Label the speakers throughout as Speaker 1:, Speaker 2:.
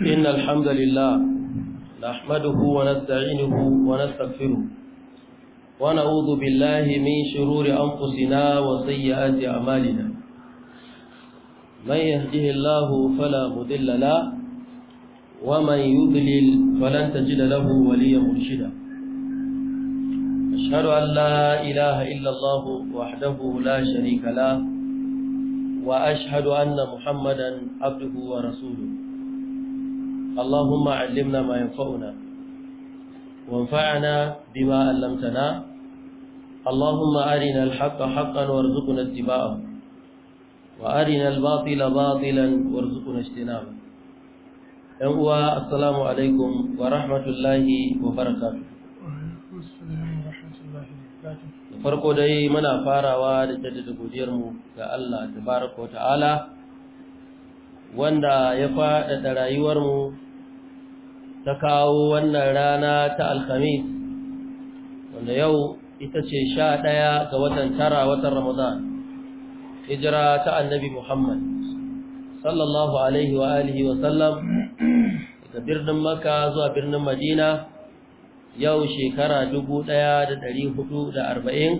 Speaker 1: إن الحمد لله نحمده ونستعينه ونستغفره ونعوذ بالله من شرور أنفسنا وسيئات أعمالنا من يهده الله فلا مضل له ومن يضلل فلن تجد له وليا مرشدا أشهد أن لا إله إلا الله وحده لا شريك له وأشهد أن محمدا عبده ورسوله اللهم علمنا ما ينفعنا وانفعنا بما علمتنا اللهم أرنا الحق حقا وارزقنا اتباعه وأرنا الباطل باطلا وارزقنا اجتنابه أنوا السلام عليكم ورحمة الله وبركاته farko dai muna farawa da jaddada godiyarmu ga Allah tabaraka wa ta'ala wanda ya faɗaɗa rayuwarmu ta kawo wannan rana ta alkhamis wanda yau ita ce sha ɗaya ga watan tara watan ramadan hijira ta annabi muhammad sallallahu alaihi wa alihi wa sallam daga birnin maka zuwa birnin madina yau shekara dubu ɗaya da ɗari hudu da arba'in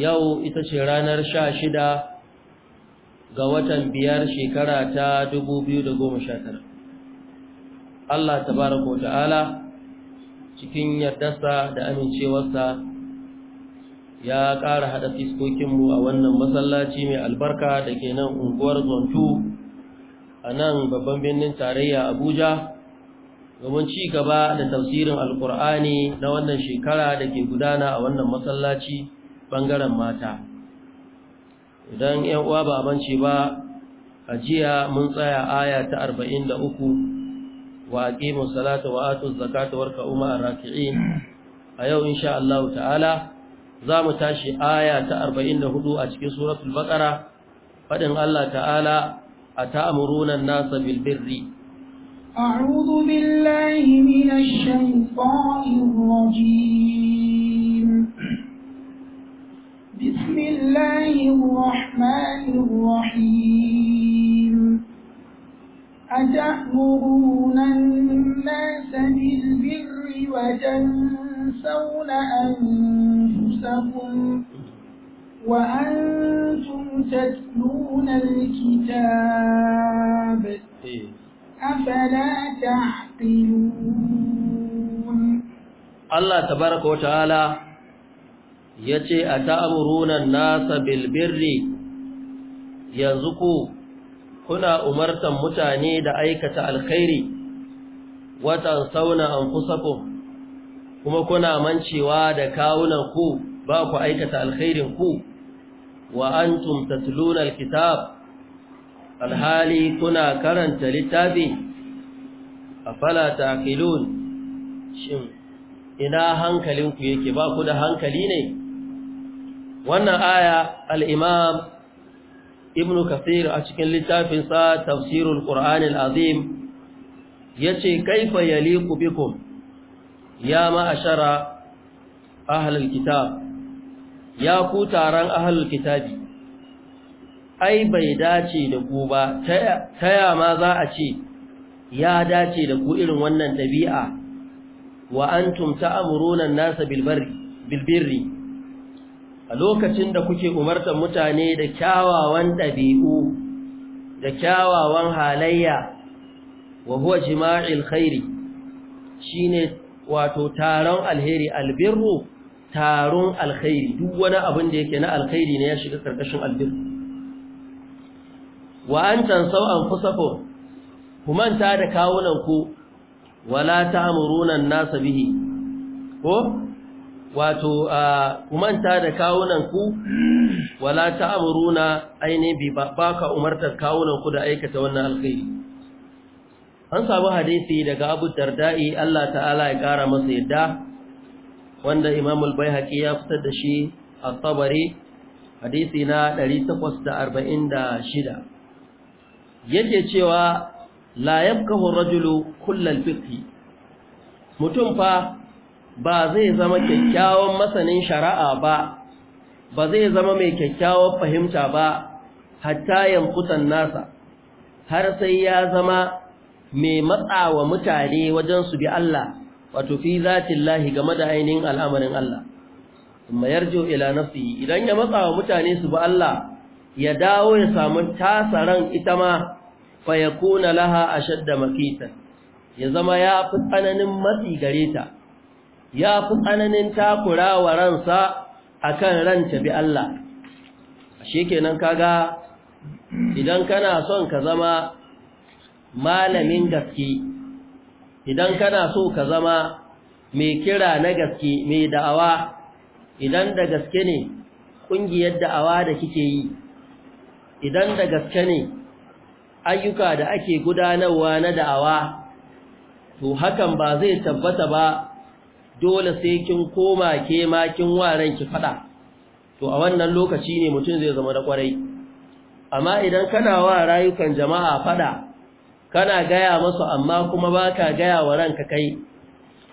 Speaker 1: yau ita ce ranar sha shida ga watan biyar shekara ta dubu biyu da goma sha tara Allah tabaraka wa ta'ala cikin yardarsa da amincewarsa ya ƙara haɗa fiskokinmu a wannan masallaci mai albarka da ke nan unguwar zontu a nan babban birnin tarayya abuja domin ci gaba da tafsirin alkur'ani na wannan shekara da ke gudana a wannan masallaci ɓangaren mata idan 'yan uwa ba a ba a jiya mun tsaya aya ta uku. وأقيموا الصلاة وآتوا الزكاة واركعوا مع الراكعين أيو إن شاء الله تعالى زام تاشي آية أربعين هدوء أشكي سورة البقرة فإن الله تعالى أتأمرون الناس بالبر
Speaker 2: أعوذ بالله من الشيطان الرجيم بسم الله الرحمن الرحيم أتأمرون الناس بالبر وتنسون أنفسكم وأنتم تتلون الكتاب أفلا تعقلون
Speaker 1: الله تبارك وتعالى يتي أتأمرون الناس بالبر يزكو kuna umartan mutane da aikata alkhairi watan sauna an kuma kuna mancewa da kawunan ku ba ku aikata alkhairin ku wa an tatluna alkitab alhali kuna karanta littafi afala taqilun shin ina hankalinku yake ba ku da hankali ne wannan aya al-imam ibn kathir a cikin littafinsa tafsirul qur'an al-azim yace kaifa yaliqu bikun.' ya ma'ashara ahlul kitab ya ku taron ahlul kitabi ai bai dace da ku ba taya ma za a ce ya dace da ku irin wannan dabi'a wa ta ta'muruna nasa bilbirri. a lokacin da kuke umartar mutane da kyawawan ɗabi'u da kyawawan halayya wa huwa jima'il khairi ne wato taron alheri albirru taron alkhairi duk wani abin da yake na alkhairi ne ya shiga ƙarƙashin albirru wa an can sau tansau anfusakum kumanta da kawunan ku wala amuru nan nasa bihi ko wato a manta da kawunanku wala ta amuruna aini bi ka umartar kawunanku da aikata wannan alkhairi an samu hadisi daga Abu Darda'i Allah ta'ala ya kara masa yadda wanda Imam al-Baihaqi ya fitar da shi a tabari hadisi na 846 yake cewa la yabkahu ar-rajulu kullal fiqh mutum fa ba zai zama kyakkyawan masanin shari'a ba ba zai zama mai kyakkyawan fahimta ba hatta yankutan nasa har sai ya zama mai matsawa mutane wajen su bi Allah wato fi zatillahi game da ainihin al'amarin Allah kuma yarjo ila nafsi idan ya matsawa mutane su bi Allah ya dawo ya samu tasaran ita ma fa yakuna laha ashadda makita ya zama ya fi tsananin matsi gare ta ya fi tsananin takura wa ransa a kan ranta bi Allah shi kenan kaga idan kana son ka zama malamin gaske idan kana so ka zama mai kira na gaske mai da'awa idan da gaske ne ƙungiyar da'awa da kike yi idan da gaske ne ayyuka da ake gudanarwa na da'awa to hakan ba zai tabbata ba dole sai kin koma ke ma kin waran ki fada to a wannan lokaci ne mutum zai zama da kwarai amma idan kana wa rayukan jama'a fada kana gaya masu amma kuma baka gaya wa ranka kai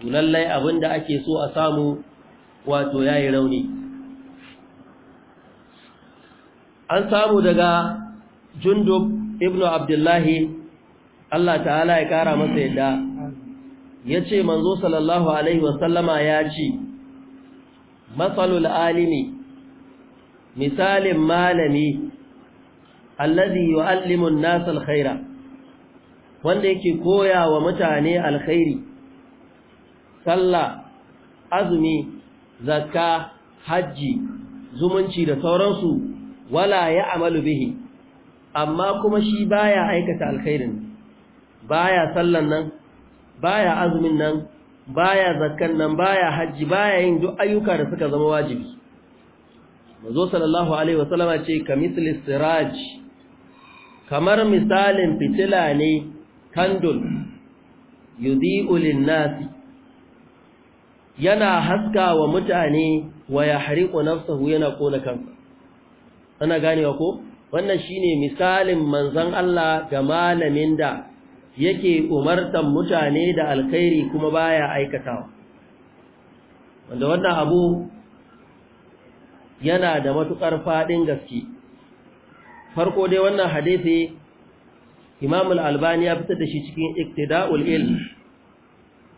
Speaker 1: to lallai abinda ake so a samu wato yayi rauni an samu daga jundub ibnu abdullahi Allah ta'ala ya kara masa yadda Ya ce, manzo sallallahu alaihi wasallama ya ce matsalul alimi misalin malami alladhi yu'allimu an-nas al-khaira wanda yake koya wa mutane alkhairi sallah azumi zakka hajji zumunci da sauransu wala ya amalu bihi amma kuma shi baya aikata alkhairin baya sallan nan baya azumin nan baya zakkan nan baya hajji baya yin duk ayyuka da suka zama wajibi mazo sallallahu alaihi wasallama ce kamisli siraj kamar misalin fitila ne kandul yudhi'u lin nas yana haska wa mutane wa yahriqu nafsuhu yana kona kansa ana ganewa ko wannan shine misalin manzon Allah ga malamin da yake umartan mutane da alkhairi kuma baya aikatawa wanda wannan abu yana da matukar fadin gaske farko dai wannan hadisi Imam al-Albani ya fitar da shi cikin iktida'ul Ilm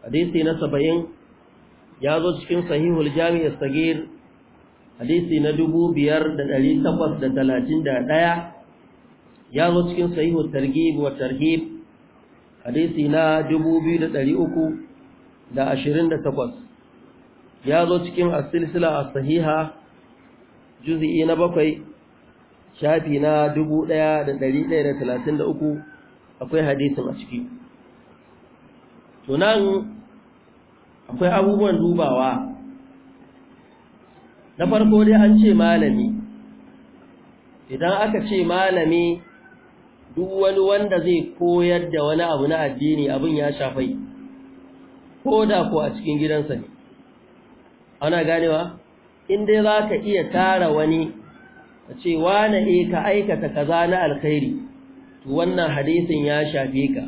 Speaker 1: hadisi na 70 ya zo cikin Sahihul Jami' as-Saghir hadisi na 5831 ya zo cikin Sahihul Targhib wa Tarhib hadisi na 2328 ya zo cikin as-silsila as-sahiha juz'i na bakwai shafi na 1133 akwai hadisin a ciki to akwai abubuwan dubawa na farko dai an ce malami idan aka ce malami duk wani wanda zai koyar da wani abu na addini abin ya shafai ko da ko a cikin gidansa ne ana ganewa dai za ka iya tara wani a ce wane e ka aikata kaza na alkhairi wannan hadisin ya shafe ka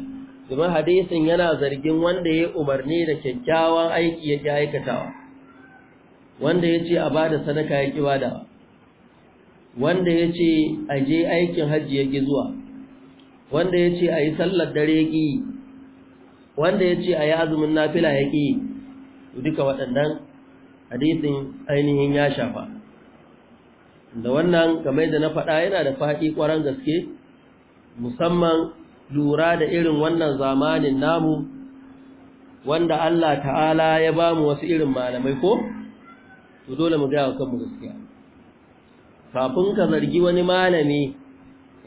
Speaker 1: domin hadisin yana zargin wanda ya umarni da kyakkyawan aiki ya aikatawa wanda ya ce a bada da sadaka ya ki wanda ya ce a je aikin hajji ya ƙi zuwa wanda ya ce a yi sallar dare ƙi wanda ya ce a yi azumin nafila ya ƙi duka waɗannan hadisin ainihin ya shafa da wannan kamar da na faɗa yana da faɗi ƙwaron gaske musamman lura da irin wannan zamanin namu wanda Allah ta'ala ya ba mu wasu irin malamai ko? to dole mu gaya wa kanmu gaskiya kafin ka zargi wani malami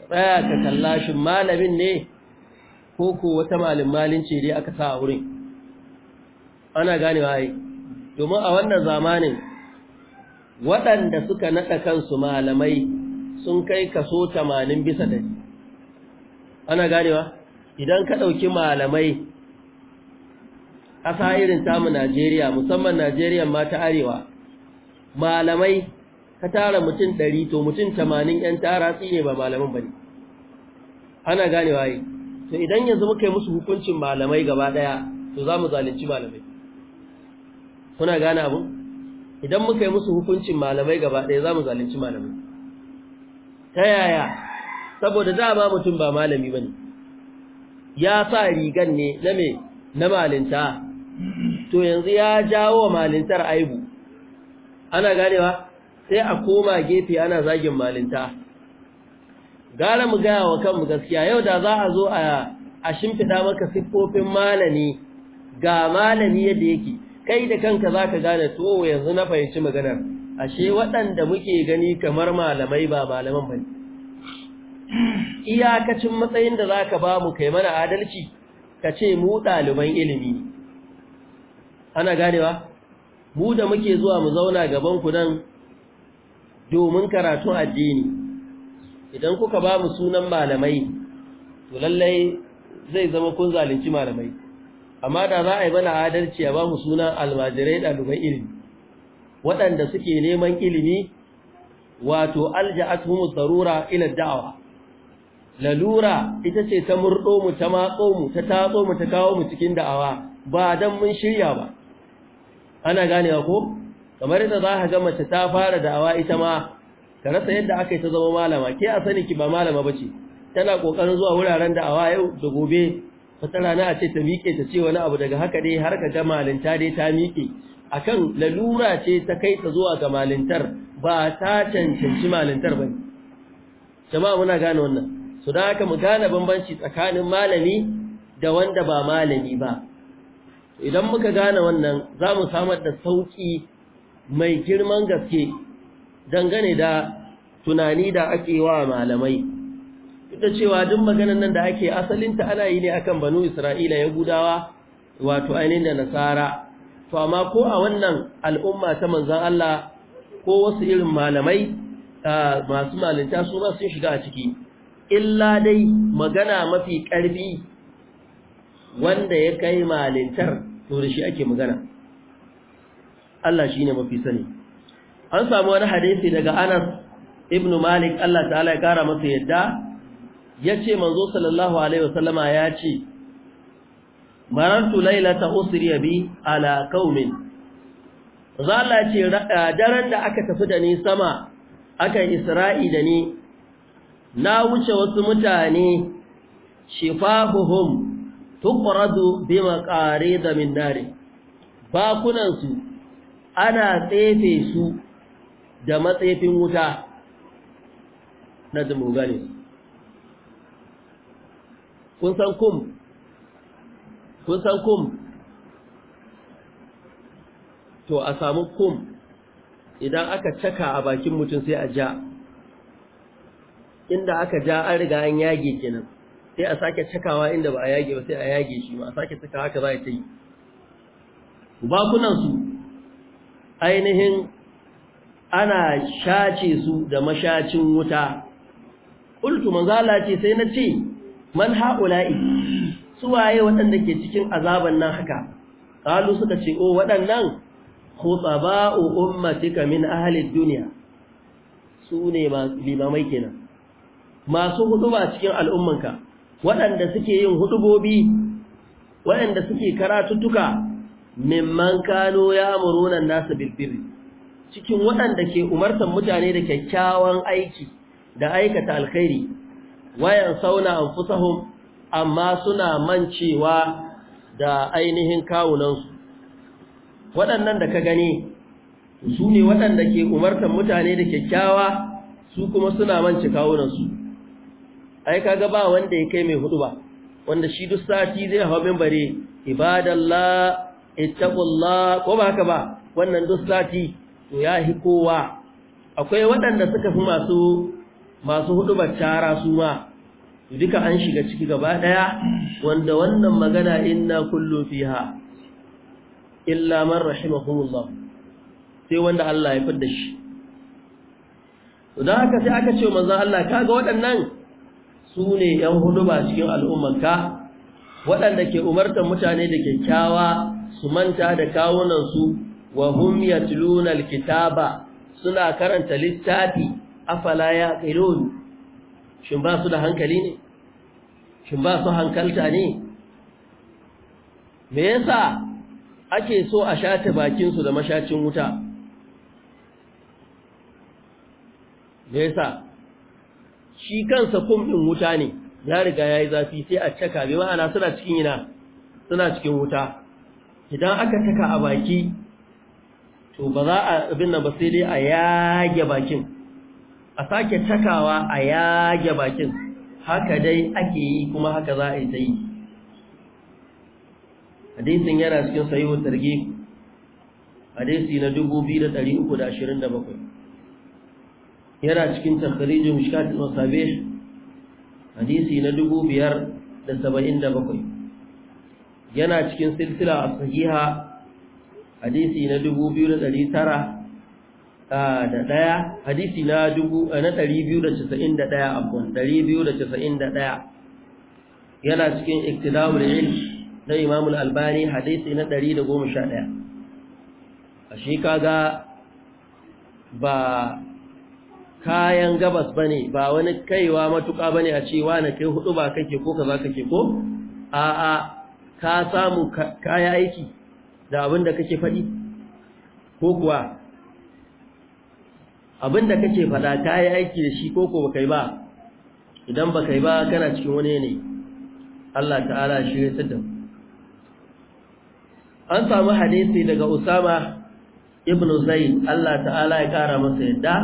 Speaker 1: tsaya ka kalla shi malamin ne ko ko wata malin malin ce dai aka sa a wurin ana gane ai domin a wannan zamanin waɗanda suka naɗa kansu malamai sun kai kaso 80 bisa ɗari ana gane wa? idan ka ɗauki malamai ƙasa irin tamu Najeriya musamman Najeriya ma ta arewa malamai ka tara mutum ɗari to mutum tamanin ‘yan tara ne ba malaman ba ne ana gane waye to idan yanzu muka yi musu hukuncin malamai gaba ɗaya to za mu zalunci malamai kuna gane abu idan muka yi musu hukuncin malamai gaba ɗaya za mu zalunci malamai ta yaya saboda dama mutum ba malami ba ne ya sa rigan ne na me na malinta to yanzu ya jawo malintar aibu ana ganewa sai a koma gefe ana zagin malinta gara mu gaya wa kanmu gaskiya yau da za a zo a shimfiɗa maka siffofin malami ga malami yadda yake kai da kanka za ka gane to yanzu na fahimci maganar ashe waɗanda muke gani kamar malamai ba malaman ba iyakacin matsayin da za ka ba mu kai mana adalci ka ce mu ɗaliban ilimi ana ganewa mu da muke zuwa mu zauna gabanku nan domin karatu addini idan kuka ba mu sunan malamai to lallai zai zama kun zalunci malamai amma da za a yi mana adalci a ba mu sunan almajirai ɗalibai ilimi waɗanda suke neman ilimi wato alja'atuhum zarura ila da'awa lalura ita ce ta murdo mu ta matso mu ta tatso mu ta kawo mu cikin da'awa ba dan mun shirya ba ana ganewa ko kamar yadda za ka ga mace ta fara da'awa ita ma ka rasa yadda aka yi ta zama malama ke a sani ki ba malama ba ce tana kokarin zuwa wuraren da'awa yau da gobe fata rana a ce ta miƙe ta ce wani abu daga haka dai har ka ga malinta dai ta miƙe akan lalura ce ta kai ta zuwa ga malintar ba ta cancanci malintar ba ne. jama'a muna gane wannan su da haka mu gane bambanci tsakanin malami da wanda ba malami ba idan muka gane wannan za mu samar da sauƙi mai girman gaske dangane da tunani da ake wa malamai ita cewa duk maganan nan da ake asalinta ana yi ne akan banu isra'ila ya gudawa wato ainihin da nasara to amma ko a wannan al'umma ta manzan Allah ko wasu irin malamai masu malinta su sun shiga a ciki illa dai magana mafi ƙarfi wanda ya kai malintar to da shi ake magana Allah ne mafi sani an samu wani hadisi daga Anas ibn Malik Allah ta'ala ya kara masa yadda yace manzo sallallahu alaihi wasallama ce, marantu lailata usriya bi ala qaumin zalla ce daren da aka tafi da ni sama aka isra'i da ni na wuce wasu mutane shifahuhum tuqradu bi maqarid min nar bakunansu ana tsefe su da matsefin wuta na gane. kun san kum kun san kum to a samu kum idan aka caka a bakin mutum sai a ja inda aka ja an riga an yage kenan sai a sake cakawa inda ba a yage ba sai a yage shi ma a sake cakawa haka za a ta yi bakunansu ainihin ana shace su da mashacin wuta qultu manzala ce sai na ce man Su waye waɗanda ke cikin azaban nan haka ƙalu suka ce o oh, waɗannan khutaba'u ummatika min ahalin duniya. Su ne limamai kenan masu hutuba cikin al'ummanka waɗanda suke yin hutubobi waɗanda suke karatuttuka mimman kano ya murunan nasa bilbiri cikin waɗanda ke umartan mutane da kyakkyawan aiki da aikata alkhairi wayan sauna an fusahun amma suna mancewa da ainihin kawunansu waɗannan da ka gani su ne waɗanda ke umartan mutane da kyakkyawa su kuma suna manci kawunansu ai kaga ba wanda ya kai mai hudu ba wanda shi duk sati zai hawa mimbare ibadallah ittaqullah ko ba haka ba wannan duk to ya hi kowa akwai waɗanda suka fi masu masu hudubar tara su ma duka an shiga ciki gaba daya wanda wannan magana inna kullu fiha illa man rahimahumullah sai wanda Allah ya fadda shi dan haka sai aka ce manzo Allah kaga waɗannan su ne yan ba cikin al'ummanka waɗanda ke umartar mutane da kyakkyawa su manta da kawunansu wa hum yatluna alkitaba suna karanta littafi afala yaqilun shin ba su da hankali ne shin ba su hankalta ne me yasa ake so a shata bakin su da mashacin wuta me yasa shi kansa din wuta ne ya riga yayi zafi sai a caka bi ma'ana suna cikin ina suna cikin wuta idan aka taka a baki to ba za a abin nan ba sai dai a yage bakin a sake takawa a yage bakin haka dai ake yi kuma haka za a yi ta yi hadisin yana cikin sayo targi hadisi na 2327 yana cikin takharijin mishkat al hadisi na 5077 yana cikin silsila sahiha hadisi na 2900 da daya hadisi na 291 abun 291 yana cikin iktidawul ilm na imam al-albani hadisi na 111 ashe kaga ba kayan gabas bane ba wani kaiwa matuka bane a cewa na kai hudu ba kake ko ka za kake ko a'a ka samu kaya aiki da abin da kake faɗi ko kuwa abin da kake faɗa kaya aiki da shi ko ko ba yi ba idan ba kai ba kana cikin wani yanayi Allah ta'ala shi ya tsada an samu hadisi daga Usama ibn zayd Allah ta'ala ya kara masa yadda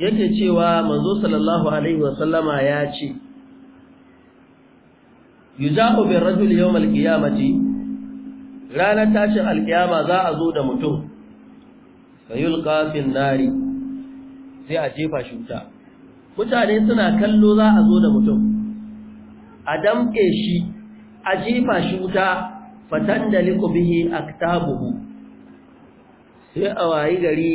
Speaker 1: yake cewa manzo sallallahu alaihi wasallama ya ce yuja'u bi rajul yawm al-qiyamati ranar tashin al-qiyama za a zo da mutum fayulqa fil nari sai a jefa shi wuta mutane suna kallo za a zo da mutum a damke shi a jefa shi wuta fatan da bihi aktabuhu sai a wayi gari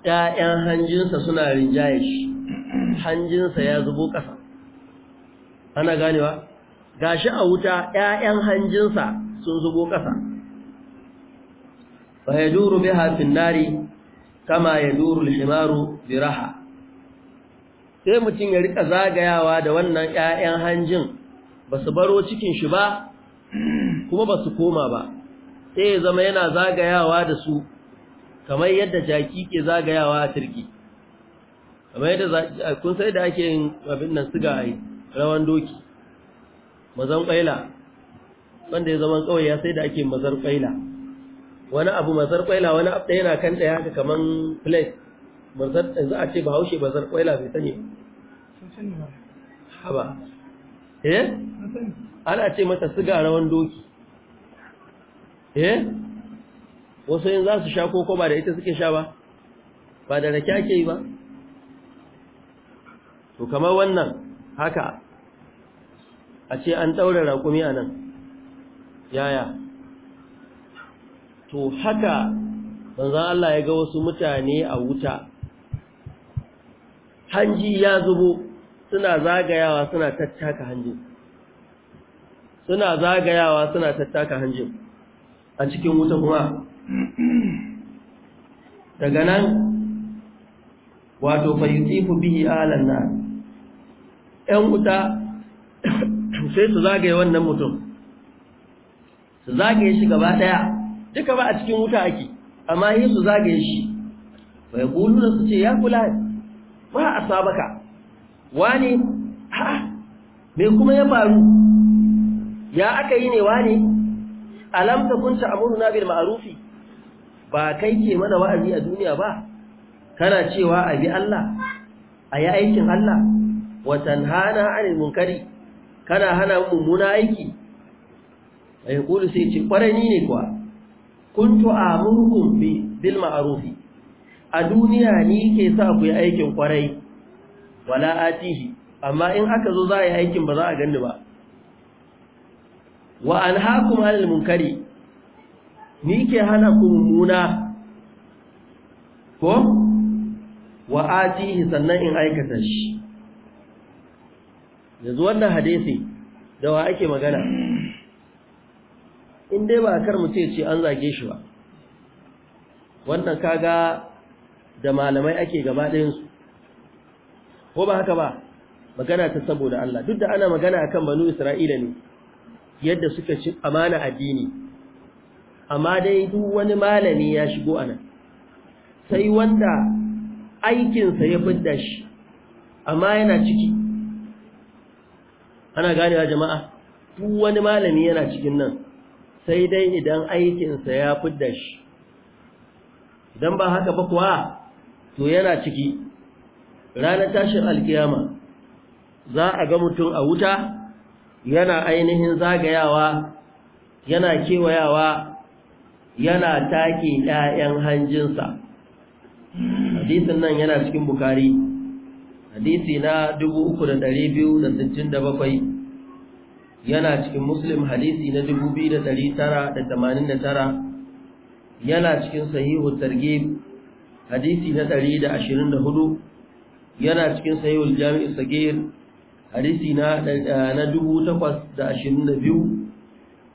Speaker 1: 'ya'yan hanjinsa suna rinjaye shi hanjinsa ya zubo ƙasa ana ganewa gashi a wuta ƴaƴan hanjinsa sun zubo ƙasa fa yaduru biha fil nari kama yaduru al-himaru biraha sai mutum ya rika zagayawa da wannan ƴaƴan hanjin ba su baro cikin shi ba kuma ba su koma ba sai ya zama yana zagayawa da su kamar yadda jaki ke zagayawa a turki kamar yadda kun sai da ake yin abin nan ga rawan doki mazan ƙwaila wanda ya zama kawai ya sai da ake mazar ƙwaila wani abu mazar ƙwaila wani abu yana kan ɗaya haka kaman plate mazar yanzu a ce haushe mazar ƙwaila bai sani ba eh ana ce mata siga rawan doki eh wasu yin za su sha koko ba da ita suke sha ba ba da rake ake yi ba to kamar wannan haka a ce an ɗaura raƙumi a nan yaya to haka banzan Allah ya ga wasu mutane a wuta hanji ya zubo suna zagayawa suna tattaka hanjin suna zagayawa suna tattaka hanji a cikin wuta kuma daga nan wato fa bihi alanna nar 'yan wuta sai su zagaye wannan mutum su zagaye shi gaba daya duka ba a cikin wuta ake amma yi su zagaye shi bai kuluna su ce ya kula ba a sabaka wani ha me kuma ya faru ya aka yi ne wani alam ta amuru na bil Ma'arufi. ba kai ke mana wa'azi a duniya ba kana cewa a bi Allah a yi aikin Allah wa tanhana anil munkari kana hana mummuna aiki a yi ƙuri sai ce kwarani ne kuwa kuntu a murkun bil ma'arufi a duniya ni ke sa ku yi aikin ƙwarai wala atihi amma in aka zo za a yi aikin ba za a ganni ba wa an hakum halin munkari ni ke hana ku mummuna ko wa atihi sannan in aikata shi yanzu wannan hadisi da wa ake magana in dai ba kar mutum ce an zage shi ba wannan kaga da malamai ake gaba ɗayansu ko ba haka ba magana ta saboda Allah duk da ana magana akan banu Isra'ila ne yadda suka ci amana addini amma dai duk wani malami ya shigo anan sai wanda aikinsa ya fidda shi amma yana ciki ana gane ganewa jama'a duk wani malami yana cikin nan sai dai idan aikinsa ya fidda shi idan ba haka ba kuwa to yana ciki ranar tashin alkiyama za a ga mutum a wuta yana ainihin zagayawa yana kewayawa yana take 'ya'yan hanjinsa hadisin nan yana cikin bukari hadisi na 3267 yana cikin muslim hadisi na 2989 yana cikin sahihu targhib hadisi na 124 yana cikin sahihul jami' sagir hadisi na eh, na biyu.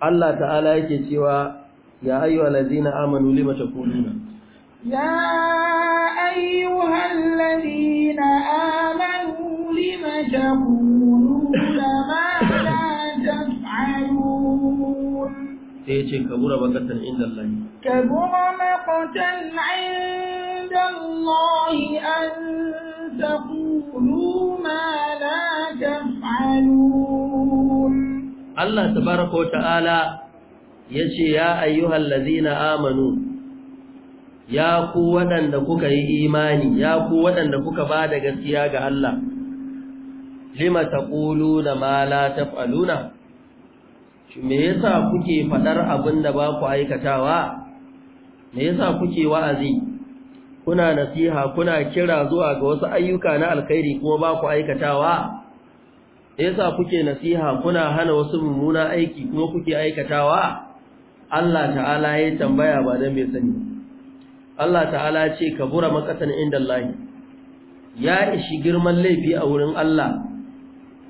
Speaker 1: Allah ta'ala yake cewa ya ayyuhallazina amanu lima ta
Speaker 2: ya أيها الذين آمنوا لم تقولون ما لا تفعلون
Speaker 1: سيتي كبر مقتا عند الله
Speaker 2: كبر مقتا عند الله أن تقولوا ما لا تفعلون
Speaker 1: الله تبارك وتعالى يشي يا أيها الذين آمنوا ya ku waɗanda kuka yi imani ya ku waɗanda kuka ba da gaskiya ga Allah lima da ma la taf'aluna me yasa kuke fadar abin da ba ku aikatawa me yasa kuke wa'azi kuna nasiha kuna kira zuwa ga wasu ayyuka na alkhairi kuma ba ku aikatawa yasa kuke nasiha kuna hana wasu mummuna aiki kuma kuke aikatawa Allah ta'ala ya tambaya ba dan bai sani Allah ta'ala ya ce bura makatan inda Allah ya ishi girman laifi a wurin Allah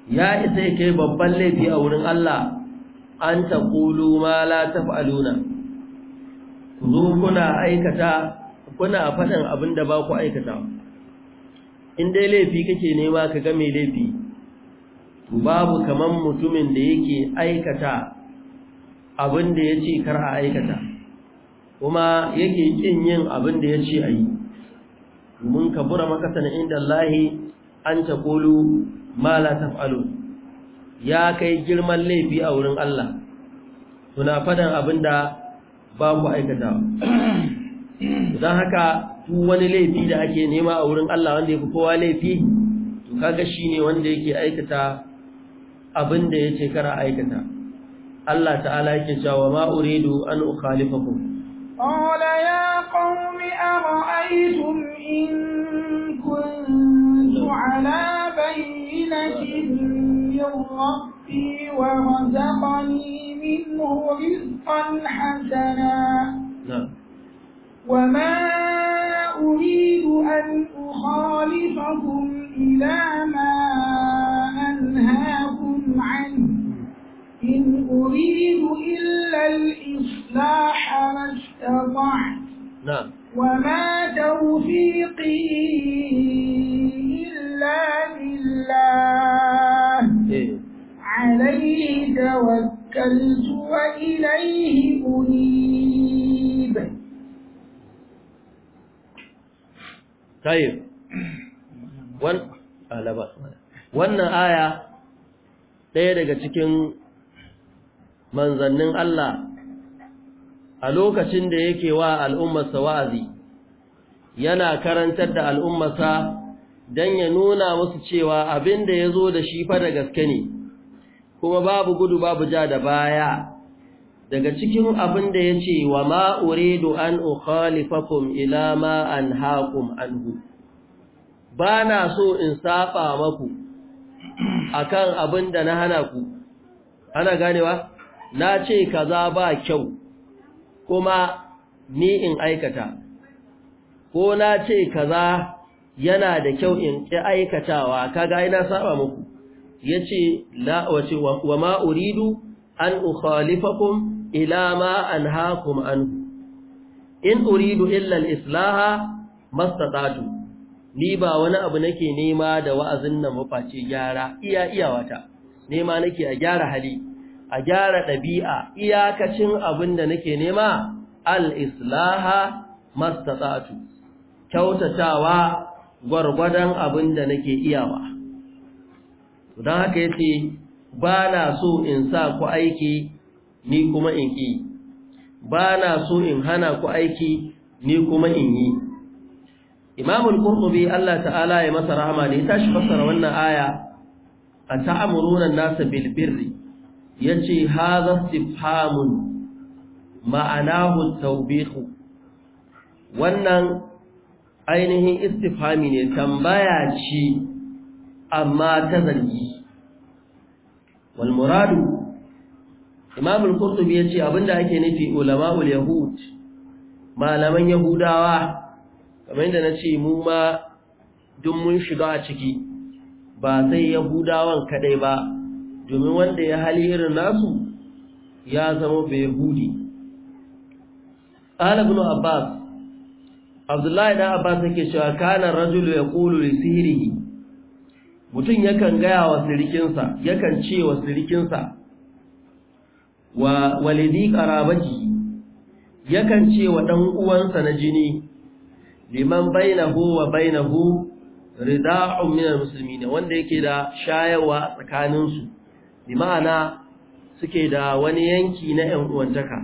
Speaker 1: ya isa kai babban laifi a wurin Allah an kulu ma la taf'aluna ku kuna aikata kuna faɗin abin da ba ku aikata in dai laifi kake nema ka ga mai laifi babu kaman mutumin da yake aikata abin da ya ce kar a aikata kuma yake kin yin abin da yace ayi mun kabura makasana inda Allahi an taqulu ma la taf'alu ya kai girman laifi a wurin Allah kuna fadan abinda ba ku aikata. don haka duk wani laifi da ake nema a wurin Allah wanda ya fi kowa laifi to kaga shine wanda yake aikata abin da yace kara aikata Allah ta'ala yake cewa ma uridu an ukhalifakum
Speaker 2: قال يا قوم أرأيتم إن كنت على بينة من ربي ورزقني منه رزقا حسنا نعم. وما أريد أن أخالفكم إلى ما أنهاكم عنه إن أريد إلا الإصلاح ما استطعت نعم وما توفيقي إلا بالله إيه؟ عليه توكلت وإليه أنيب
Speaker 1: طيب وان آه لا بأس wannan aya ɗaya daga cikin manzannin Allah a lokacin da yake wa al'ummarsa wa'azi yana karantar da al'ummarsa don ya nuna musu cewa abin da ya zo da shi fa gaske ne kuma babu gudu babu ja da baya daga cikin abin da ya ce wa ma'uridu an ukhalifakum ila ma an haƙum anhu ba na so in saba maku akan abin da na hana ku ana ganewa na ce kaza ba kyau kuma ni in aikata ko na ce kaza yana da kyau in ƙi aikatawa kaga ina saba muku Ya ce wace wa ma uridu an ukhalifakum ila ma an anhaakum anhu in uridu illa islaha islaha mastata'tu ni ba wani abu nake nema da wa'azin nan mafaci gyara iya iyawata nema nake a gyara hali a gyara ɗabi'a iyakacin abin da nake nema al-islaha mastata'tu kyautatawa gwargwadon abin da nake iyawa don haka ya yace ba na so in sa ku aiki ni kuma in ba na so in hana ku aiki ni kuma in yi imamul qurtubi Allah ta'ala ya masa rahama ne tashi fassara wannan aya ta’amuru nan nasa bil yace hadha istifhamun ma'anahu tawbihu wannan ainihin istifhami ne tambaya ce amma ta zargi wal muradu imam al-qurtubi yace abinda ake nufi ulama'ul yahud malaman yahudawa kamar yadda nace mu ma duk mun shiga a ciki ba sai yahudawan kadai ba domin wanda ya hali irin nasu ya zama bai hudi ƙalibin abbas abdullahi da abbas yake cewa kanan rajulu ya ƙulu da sihirihi mutum yakan gaya wa sirikinsa yakan ce wa sirikinsa wa walidi ƙarabaki yakan ce wa ɗan uwansa na jini liman bainahu wa bainahu rida'un minal muslimin wanda yake da shayarwa tsakaninsu bi ma'ana suke da wani yanki na ‘yan uwantaka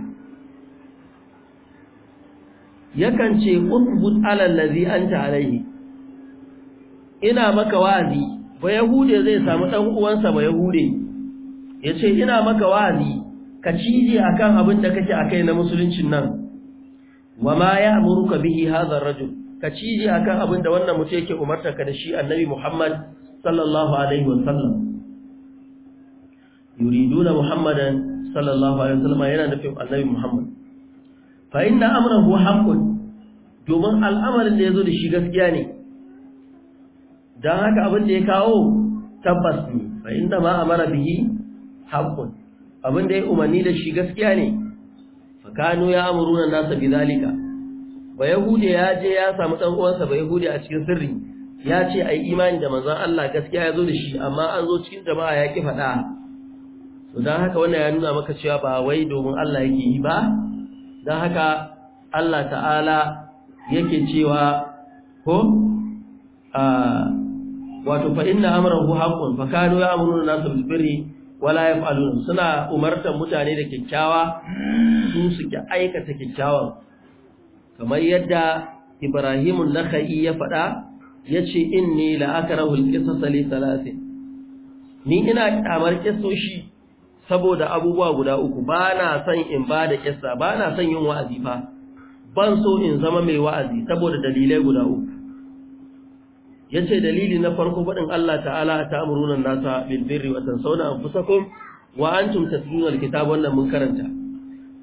Speaker 1: yakan ce ƙunbun alallazi an ta alaihi ina maka wa'azi ba yahude zai samu ɗan uwansa ba yahude ya ce ina maka wa'azi ka cije a abin da kake a kai na musuluncin nan wa ma ya ka bihi hazar rajul ka cije a kan abin da wannan mutu yake umarta ka da shi annabi muhammad sallallahu alaihi wasallam yuriduna muhammadan sallallahu alaihi wasallam yana nufin annabi muhammad fa inna amrahu haqqun domin al'amarin da ya zo da shi gaskiya ne Don haka abin da ya kawo tabbas ne fa inna ma amara bihi haqqun abin da ya umarni da shi gaskiya ne fa kanu ya amuruna nasa bidalika ba yahudi ya je ya samu ɗan uwansa ba yahudi a cikin sirri ya ce a yi imani da manzon Allah gaskiya ya zo da shi amma an zo cikin jama'a ya ki faɗa to don haka wannan ya nuna maka cewa ba wai domin Allah yake yi ba don haka Allah ta'ala yake cewa ko wato fa inna amrahu haqqun fa kanu ya'muruna nasu bil birri wala yaf'alun suna umartar mutane da kikkiawa su suke aikata kikkiawan kamar yadda Ibrahimun Nakhai ya faɗa yace inni la akrahu al-qisas li thalathin ni ina kamar kisoshi saboda abubuwa guda uku ba na son in ba da kissa ba na son yin wa'azi fa ban so in zama mai wa'azi saboda dalilai guda uku yace dalili na farko fadin Allah ta'ala ta ta'muruna nasa bil birri wa tansawna anfusakum wa antum tatluna alkitab wannan mun karanta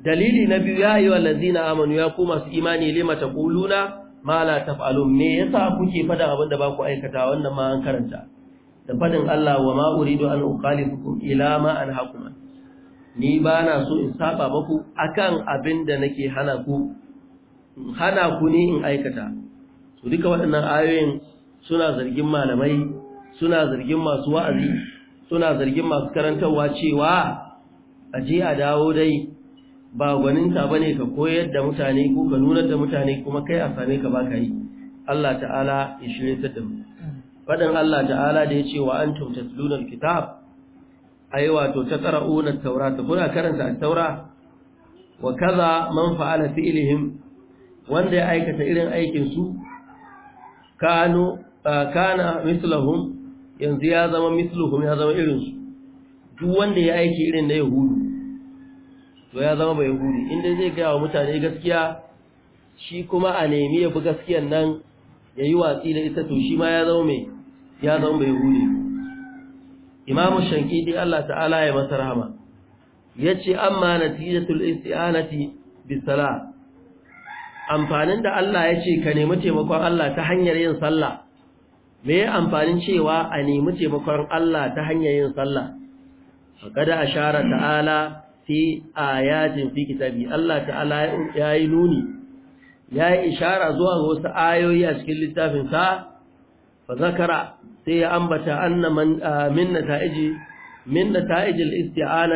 Speaker 1: dalili na biyu ya wa ladzina amanu ya kuma masu imani lima taquluna ma la taf'alun me yasa kuke abin da ba ku aikata wannan ma an karanta da fadin Allah wa ma uridu an hukum ila ma hakuma. ni ba na so in saba maku akan abin da nake hana ku hana ku ne in aikata to duka waɗannan ayoyin suna zargin malamai suna zargin masu wa'azi suna zargin masu karantarwa cewa aje a dawo dai ba gwaninta ba ne ka koyar da mutane ko ka nuna da mutane kuma kai a same ka ba ka yi Allah ta'ala ya shirya ta da faɗin Allah ta'ala da ya ce wa an tumta tulunar kitab ai wato ta taura ta. kuna karanta a taura wa kaza man fa'ala fi'ilihim wanda ya aikata irin aikinsu kano kana mislahum yanzu ya zama misluhum ya zama irinsu duk wanda ya aiki irin na yahudu to ya zama ba yahudu inda zai gaya wa mutane gaskiya shi kuma a nemi ya bi gaskiyan nan ya yi watsi da ita to shi ma ya zama mai ya zama bai hude imamu shankidi Allah ta'ala ya masa rahama yace amma natijatul isti'anati bisala amfanin da Allah yace ka nemi taimakon Allah ta hanyar yin sallah me amfanin cewa a nemi taimakon Allah ta hanyar yin sallah kada ashara ta'ala fi ayatin fi kitabi Allah ta'ala yayi nuni ya yi ishara zuwa wasu ayoyi a cikin littafin sa فذكر سي sai ya ambata من نتائج من نتائج min بها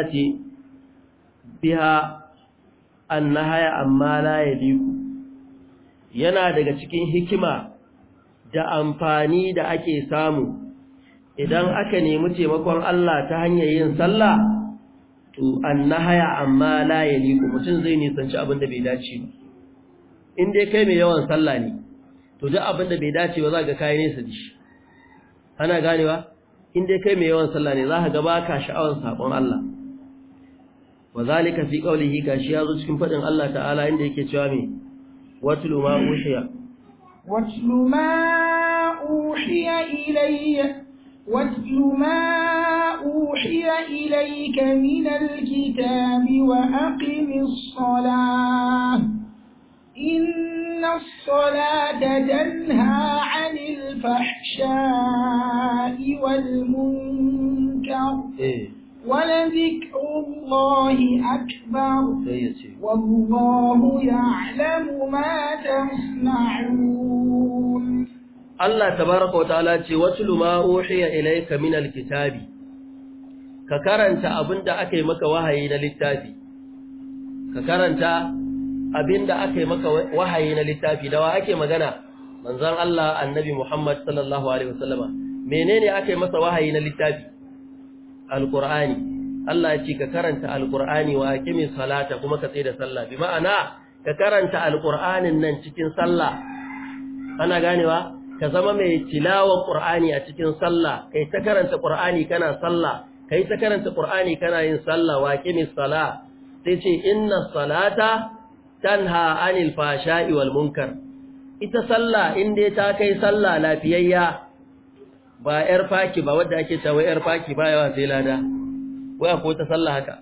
Speaker 1: biha annahaya amma yana daga cikin hikima da amfani da ake samu idan aka nemi taimakon Allah ta hanyar yin sallah to annahaya amma la yaliku mutum zai nisanci abin da bai dace ba in dai kai mai yawan sallah ne to duk abin da bai dace ba za ka kai nesa da shi ana ganewa in dai kai mai yawan sallah ne za ka ga ka sha'awar sabon Allah wa zalika fi qawlihi gashi ya zo cikin fadin Allah ta'ala inda yake cewa me watlu ma ushiya
Speaker 2: watlu ma ushiya ilayya watlu ma أوحي ilayka min alkitabi wa salah إن الصلاة تنهى عن الفحشاء والمنكر ولذكر الله أكبر والله يعلم ما تصنعون
Speaker 1: الله تبارك وتعالى واتل ما أوحي إليك من الكتاب ككرنت أبند أكي مك وهي للتابي ككرنت abinda aka yi maka wahayi na littafi dawa ake magana manzon Allah annabi Muhammad sallallahu alaihi wasallama menene aka yi masa wahayi na littafi alqur'ani Allah ce ka karanta alqur'ani wa salata kuma ka tsaya da sallah bi ma'ana ka karanta alqur'anin nan cikin sallah ana ganewa ka zama mai tilawar qur'ani a cikin sallah kai ta karanta qur'ani kana sallah kai ta karanta qur'ani kana yin sallah wa aqimi salat sai ce inna salata tanha anil fashai wal munkar ita sallah inda ta kai sallah lafiyayya ba yar faki ba wadda ake cewa yar faki ba yawa sai lada waya ko ta sallah haka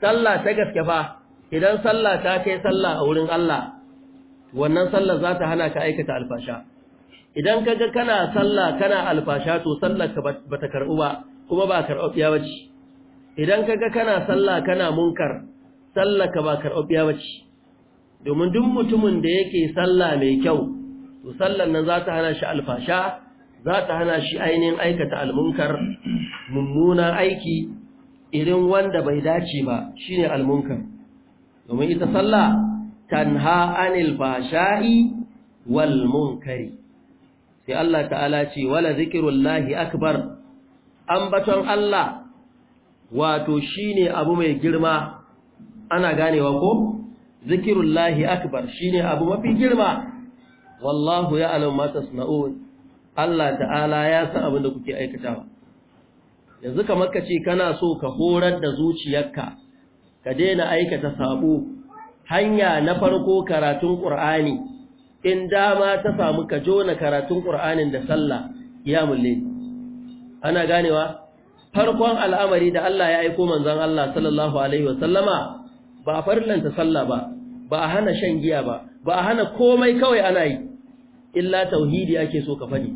Speaker 1: sallah ta gaske fa idan sallah ta kai sallah a wurin Allah wannan sallah za ta hana ka aikata alfasha idan kaga kana sallah kana alfasha to sallar ka bata karbu ba kuma ba ba bace idan kaga kana sallah kana munkar sallar ka ba ba bace domin duk mutumin da yake sallah mai kyau to sallan nan za ta hana shi alfasha za ta hana shi ainihin aikata almunkar mummunan aiki irin wanda bai dace ba shine almunkar domin ita sallah tanha anil fashai wal munkari sai Allah ta'ala ce wala zikrullahi akbar ambaton Allah wato shine abu mai girma ana ganewa ko zikirullahi akbar ne abu mafi girma wallahu ya ma tasna'un Allah ta'ala ya san abin da kuke aikatawa yanzu kamar ka ce kana so ka horar da zuciyarka ka daina aikata sabo hanya na farko karatun ƙur'ani in dama ta samu ka jona karatun ƙur'ani da sallah ya mulle ana ganewa farkon al'amari da Allah ya aiko manzon Allah sallallahu alaihi wasallama ba a farlanta sallah ba ba a hana shan giya ba ba a hana komai kawai ana yi illa tauhidi ake so ka fadi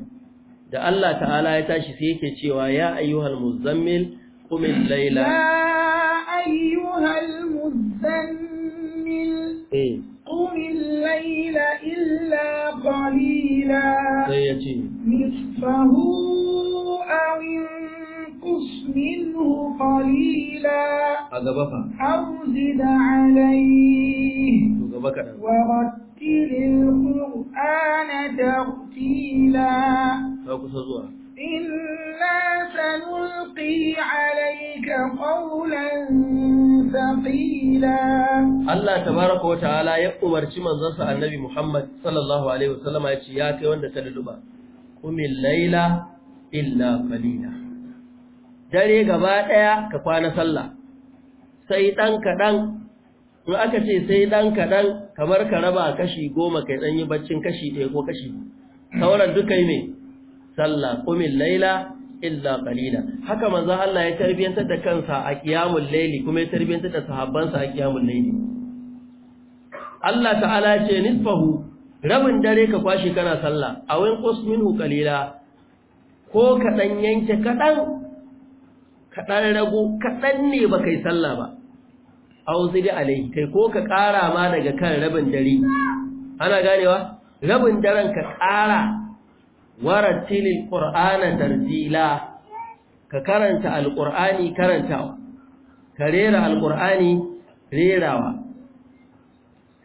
Speaker 1: da Allah ta'ala ya tashi sai yake cewa ya ayyuhal muzammil qum laila ya
Speaker 2: ayyuhal muzammil قم الليل إلا قليلا نصفه أو انقص منه Kwalila. a gaba fa aw zid alayhi to gaba kaɗan. wa rattilil qur'ana tartila ka kusa zuwa inna sanulqi alayka qawlan
Speaker 1: Allah tabaraka wa ta'ala ya umarci manzansa annabi Muhammad sallallahu alaihi wasallama ya ce ya kai wanda ta luluba kumil Layla illa qalila dare gaba daya ka kwana sallah sai ɗan kaɗan in aka ce sai ɗan kaɗan kamar ka raba kashi goma kai ɗan yi baccin kashi ɗaya ko kashi sauran duka yi ne. sallah kumin laila illa qalila haka manzo Allah ya tarbiyantar da kansa a qiyamul Laili kuma ya tarbiyantar da sahabbansa a qiyamul Laili. Allah ta'ala ce nisfahu rabin dare ka kwashi kana sallah a wayin qasminhu qalila ko kaɗan yanke kaɗan kaɗan rago kaɗan ne ba yi sallah ba auzidi alai kai ko ka ƙara ma daga kan rabin dare ana ganewa rabin daren ka ƙara warattilil qur'ana tarjila ka karanta alqur'ani karantawa ka rera alqur'ani rerawa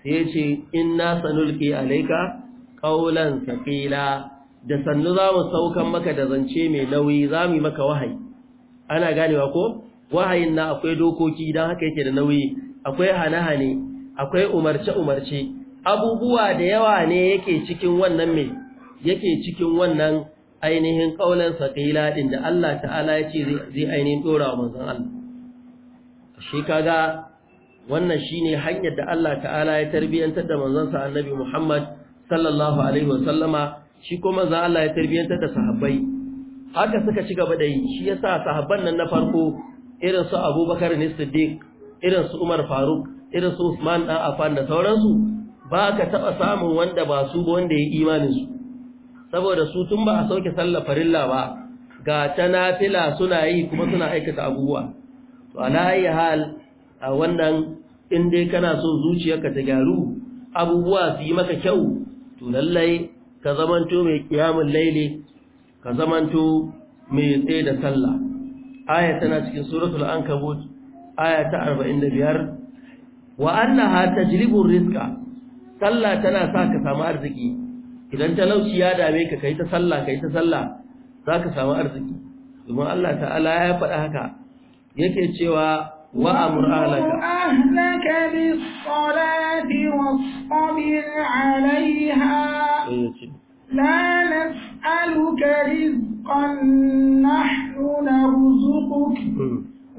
Speaker 1: sai ce inna sanulki alayka qawlan saqila da sannu za mu saukan maka da zance mai nauyi za mu yi maka wahayi ana ganewa ko wahayin na akwai dokoki don haka yake da nauyi akwai hane-hane akwai umarce-umarce abubuwa da yawa ne yake cikin wannan mai yake cikin wannan ainihin kaulan yi din da Allah ta'ala ya ce zai ainihin dora wa manzon Allah shi kaga wannan shine hanyar da Allah ta'ala ya tarbiyantar da manzon sa Annabi Muhammad sallallahu alaihi wa sallama shi kuma manzon Allah ya tarbiyantar da sahabbai haka suka ci gaba da yi shi yasa sahabban nan na farko irin su abubakar ne siddiq irin su umar faruk Irinsu usman dan afan da sauransu ba ka taɓa samun wanda ba su wanda ya imanin su saboda su tun ba a sauke sallar farilla ba ga ta nafila suna yi kuma suna aikata abubuwa to ala ayi hal a wannan in dai kana so zuciyarka ta gyaru abubuwa su yi maka kyau to lallai ka zamanto mai kiyamun laili ka zamanto mai tsaye da sallah aya tana cikin suratul ankabut aya ta 45 wa annaha tajlibu rizqa sallah tana sa ka samu arziki idan talauci ya dame ka kai ta sallah kai ta sallah zaka samu arziki domin Allah ta'ala ya faɗa haka yake cewa وأمر أهلك أهلك
Speaker 2: نسألك رزقا نحن نرزقك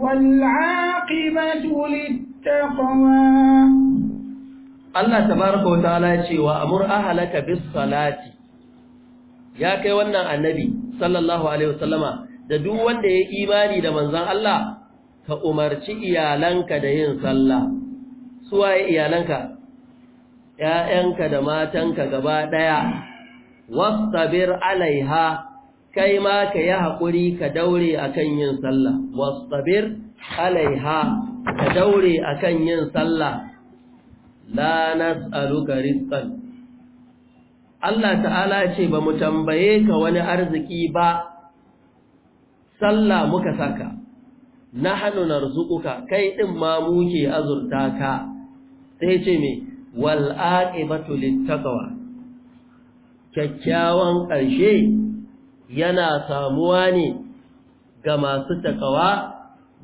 Speaker 2: والعاقبة للتقوى
Speaker 1: Allah ta wa ta'ala ya ce wa amur ahlaka bis salati ya kai wannan annabi sallallahu alaihi wasallama da duk wanda ya yi imani da manzon Allah ka umarci iyalanka da yin sallah su waye iyalanka ƴaƴanka da matanka gaba ɗaya wastabir alaiha kai ma ka yi haƙuri ka daure akan yin sallah wastabir alaiha ka daure kan yin sallah la nas'aluka Allah ta'ala ce ba mu tambaye ka wani arziki ba sallah muka saka Na hannunar zuƙuka, kai ɗin ma muke azurta ka sai ce me wal batulin takawa kyakkyawan ƙarshe yana samuwa ne ga masu takawa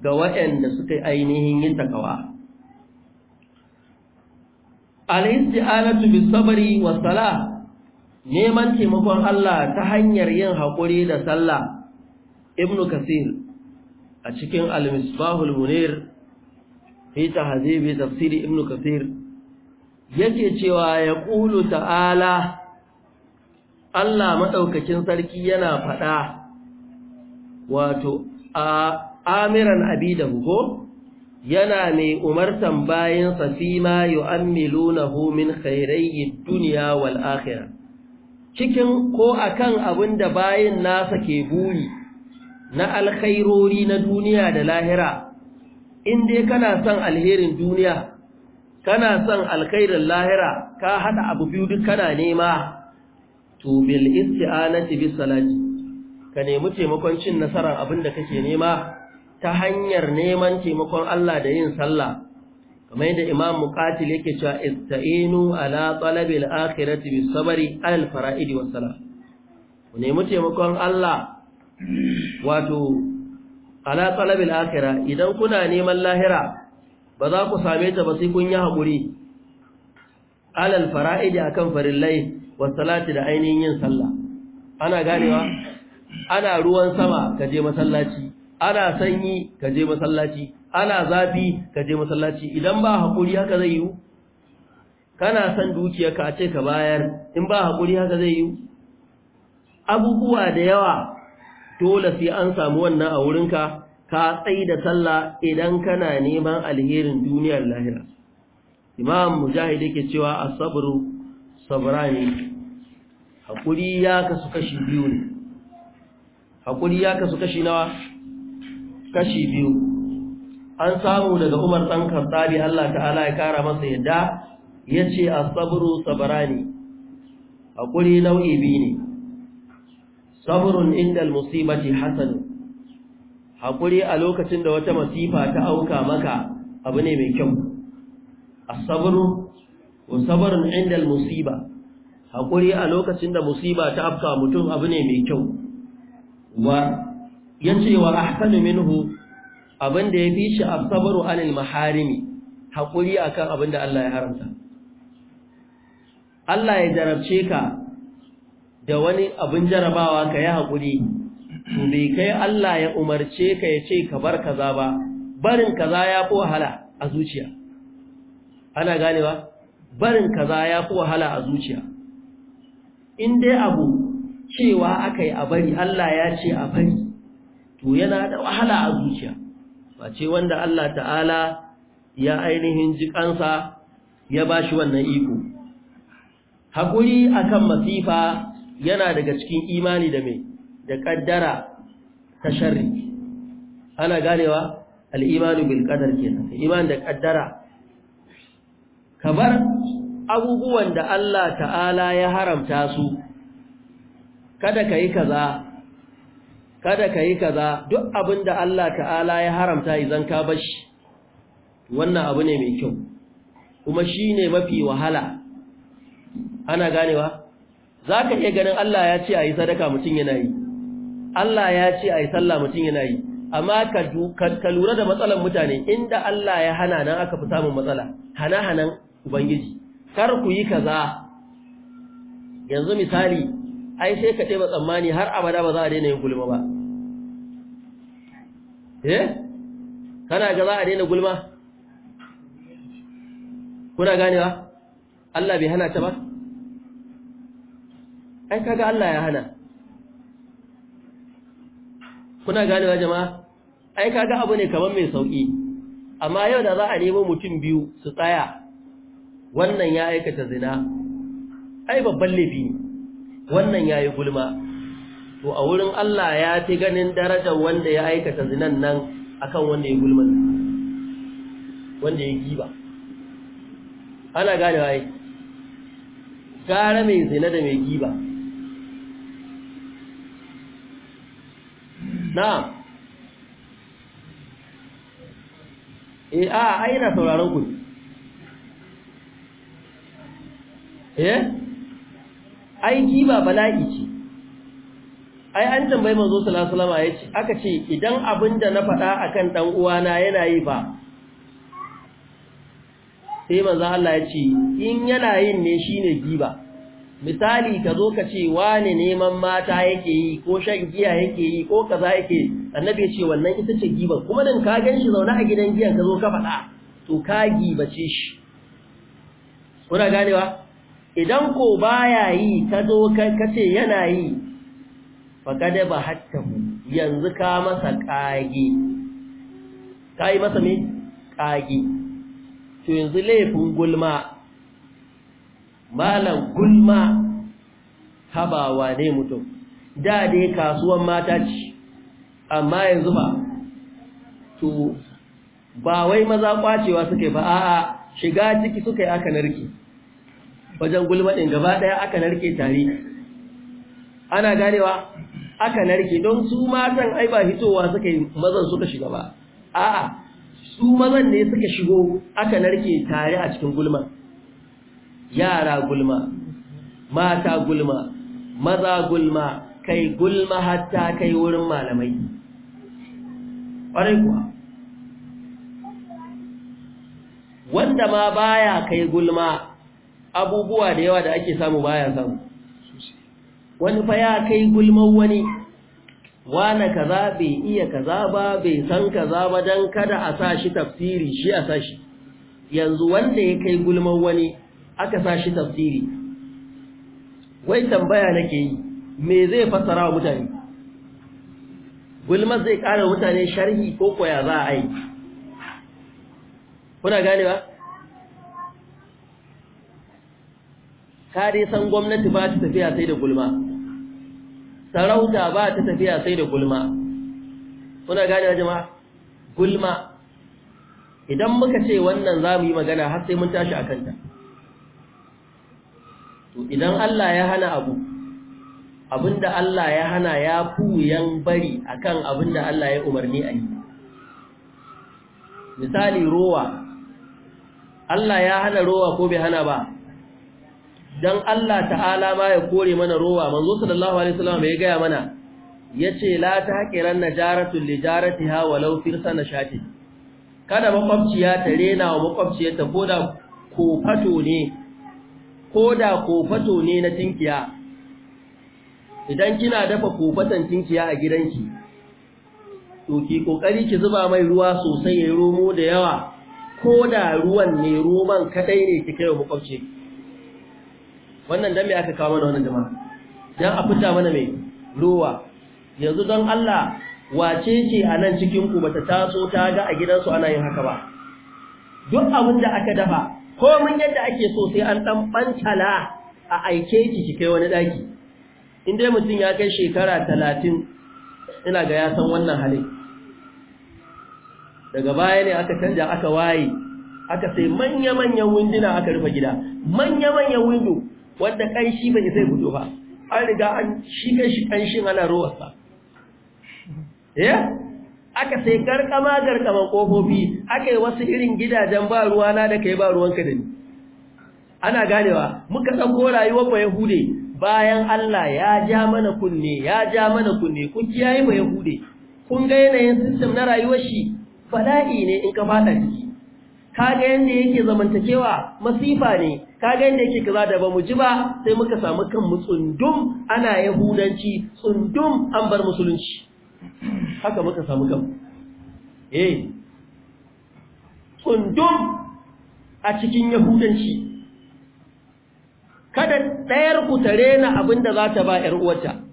Speaker 1: ga waɗanda suka ainihin yin takawa al alatu bi sabari wa sala neman taimakon Allah ta hanyar yin haƙuri da sallah ibn kasir a cikin al-misbahul munir fi tahzibi tafsir ibn kasir yake cewa ya ƙulu ta'ala Allah maɗaukacin sarki yana faɗa wato a amiran Abida ko yana mai umartan bayansa fi ma yu'ammilunahu min homin dunya wal akhirah cikin ko akan abin da bayin nasa ke buri na alkhairori na duniya da lahira in dai kana son alherin duniya kana son alkhairin lahira ka haɗa abu biyu duk kana nema to bil isti'anati bis salati ka nemi taimakon cin nasarar abin da kake nema ta hanyar neman taimakon Allah da yin sallah kamar yadda imam muqatil yake cewa ista'inu ala talabil akhirati bis sabri al fara'id was salah ku nemi taimakon Allah wato ala talabil akhira idan kuna neman lahira ba za ku same ta ba sai kun yi haƙuri alal fara'id akan farillai wasalati da ainihin yin sallah ana ganewa ana ruwan sama ka je masallaci ana sanyi ka je masallaci ana zafi ka je masallaci idan ba hakuri haka zai yi kana san dukiyarka a ce ka bayar in ba hakuri haka zai yi abubuwa da yawa dole sai an samu wannan a wurinka ka tsaye da sallah idan kana neman alherin duniyar lahira imam mujahid ke cewa as-sabru sabrani hakuri ya kasu kashi biyu ne hakuri ya kasu kashi nawa kashi biyu an samu daga Umar dan Khattabi Allah ta'ala ya kara masa yadda yace as-sabru sabrani hakuri nau'i biyu ne sabrun inda al-musibati hasan hakuri a lokacin da wata masifa ta auka maka abu ne mai kyau as-sabru wa sabrun inda musiba hakuri a lokacin da musiba ta afka mutum abu ne mai kyau wa yace wa ahsanu minhu abin da ya fi shi as-sabru anil maharimi hakuri akan abin da Allah ya haramta Allah ya jarabce ka da wani abin jarabawa ka yi haƙuri to bai kai Allah ya umarce ka ya ce ka bar kaza ba barin kaza ya fi wahala a zuciya ana ganewa barin kaza ya fi wahala a zuciya in dai abu cewa aka yi a bari Allah ya ce a bari to yana da wahala a zuciya ba ce wanda Allah ta'ala ya ainihin jikansa ya ba shi wannan iko haƙuri akan masifa yana daga cikin imani da mai da ƙaddara ta sharri ana ganewa al'imanu bil ƙadar kenan imani da ƙaddara ka bar
Speaker 2: abubuwan
Speaker 1: da Allah ta'ala ya haramta su kada ka yi kaza kada ka yi kaza duk abin da Allah ta'ala ya haramta idan ka bar shi wannan abu ne mai kyau kuma shi ne mafi wahala ana ganewa za ka iya ganin Allah ya ce a yi sadaka mutum yana yi Allah ya ce a yi sallah mutum yana yi amma ka lura da matsalan mutane inda Allah ya hana nan aka fi samun matsala hana-hanan ubangiji kar ku yi kaza yanzu misali ai sai ka taba tsammani har abada ba za a daina yin gulma ba eh kana ga za a daina gulma kuna ganewa Allah bai hana ta ba ai kaga Allah ya hana kuna ganewa jama'a ai kaga abu ne kaman mai sauki amma yau da za a nemo mutum biyu su tsaya wannan ya aikata zina ai babban laifi ne wannan ya yi gulma to a wurin Allah ya fi ganin darajar wanda ya aikata zinan nan akan wanda ya gulman wanda ya giba ana gane wai gara mai zina da mai giba na e eh, a aina sauraron ku ne eh ai giba bala'i ce ai an tambayi manzo sallallahu alaihi wasallam aka ce idan abin da na faɗa akan dan uwana yana yi ba sai manzo Allah ya in yana yin ne shine giba misali ka zo ka ce wane neman mata yake yi ko shan giya yake yi ko kaza yake annabi ya wannan ita ce giba kuma dan ka ganshi zaune a gidan giyan ka zo ka faɗa to ka gibace shi kuna ganewa idan ko baya yi ka zo ka ce yana yi faƙada ba hattahu yanzu ka masa ƙage ka masa mai ƙage to yanzu laifin gulma malam gulma habawa ne mutum da dai kasuwan mata ce amma yanzu ba to ba wai maza kwacewa suka yi ba a'a shiga ciki suka yi aka narki wajen gulma ɗin gaba ɗaya aka narke tare ana ganewa aka narke don su matan ai ba hitowa suka yi mazan suka shiga ba a'a su mazan ne suka shigo aka narke tare a cikin gulma yara gulma mata gulma maza gulma kai gulma hatta kai wurin malamai ƙwarai kuwa wanda ma baya kai gulma abubuwa da yawa da ake samu baya samu wani fa ya kai gulman wani wane kaza bai iya kaza ba bai san kaza ba dan kada a sa shi tafsiri shi a sa yanzu wanda ya kai gulman wani aka sa shi tafsiri wai tambaya nake yi me zai fassara wa mutane gulma zai kara mutane sharhi ko koya za a yi kuna gane ba ka dai san gwamnati ba ta tafiya sai da gulma sarauta ba ta tafiya sai da gulma kuna gane jama'a gulma idan muka ce wannan za mu yi magana har sai mun tashi a kanta to idan Allah ya hana abu abinda Allah ya hana ya fuyan bari akan abinda Allah ya umarni a yi misali rowa Allah ya hana rowa ko bai hana ba dan Allah ta'ala ma ya kore mana rowa manzo sallallahu alaihi wasallam ya gaya mana yace la taqiran najaratul lijaratiha walau firsa nashati kada makwabciya ta rena wa makwabciyarta koda fato ne koda fato ne na tinkiya idan kina dafa kofatan tinkiya a gidanki to ki kokari ki zuba mai ruwa sosai ya romo da yawa koda ruwan ne roman kadai ne ki kai wa makwabci wannan dan me aka kawo mana wannan jama'a dan a fita mana mai ruwa yanzu don Allah wace ce a nan cikin ku bata taso ta ga a gidansu ana yin haka ba duk abin da aka dafa komin yadda ake so sai an dan bantala a aike ki ki kai wani daki in mutum ya kai shekara talatin ina ga ya san wannan hali. daga baya ne aka canja aka waye aka sai manya-manyan winduna aka rufe gida manya-manyan windo wanda kanshi bai sai fito ba an riga an shi kan kanshin ana rowarsa eh aka sai garkama garkama kofofi aka yi wasu irin gidajen ba ruwa na da kai ba ruwanka da ni ana ganewa muka ko rayuwar ba yahude bayan Allah ya ja mana kunne ya ja mana kunne kun kiyaye ba yahude kun ga yanayin system na rayuwar shi fada'i ne in ka fada ciki kaga yanda yake zamantakewa masifa ne kaga yanda yake kaza da bamu ji ba sai muka samu kanmu mutsundum ana yahudanci tsundum an bar musulunci haka muka samu kan eh tsundum a cikin yahudanci kada ɗayar ku tare na abinda za ta ba ‘yar uwarta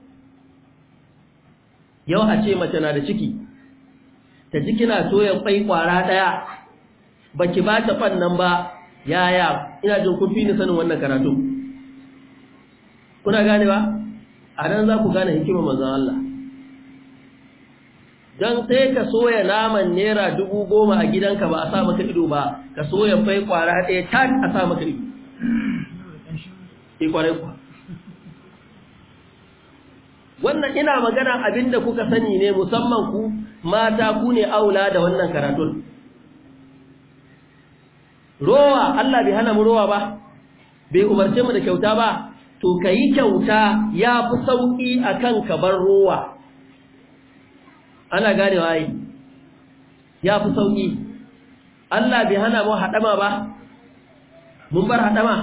Speaker 1: yau a ce mace na da ciki ta ji kina soya kwai kwara ɗaya ki ba ta fannan ba yaya ina jin kun fi ni sanin wannan karatu kuna gane ba a nan za ku gane hikimar manzon Allah don sai ka soya naman naira dubu goma a gidanka ba a sa maka ido ba ka soya fai kwara ɗaya tak a sa maka ido ikwarai eh, kuwa wannan ina magana abinda kuka sani ne musamman ku mata ku ne aula da wannan karatun rowa Allah bai hana mu rowa ba bai umarce mu da kyauta ba to kai kyauta ya fi sauki akan ka bar rowa ana gane wai ya fi sauki Allah bai hana mu hadama ba mun bar hadama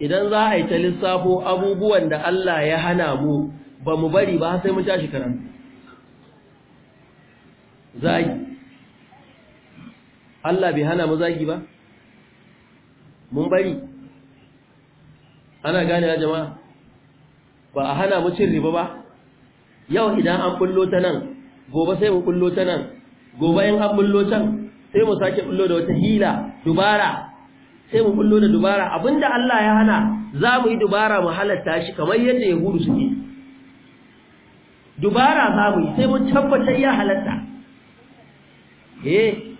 Speaker 1: idan za a yi ta lissafo abubuwan da Allah ya hana mu ba mu bari ba sai mu tashi karanta zai Allah bai hana mu zagi ba mun bari ana gane ya jama'a ba a hana mu cin riba ba yau idan an bullo ta nan gobe sai mu bullo ta nan gobe in an bullo can sai mu sake bullo da wata hila dubara sai mu bullo da dubara abinda Allah ya hana za mu yi dubara mu halatta shi kamar yadda ya hudu suke dubara za mu yi sai mu tabbatar ya halatta eh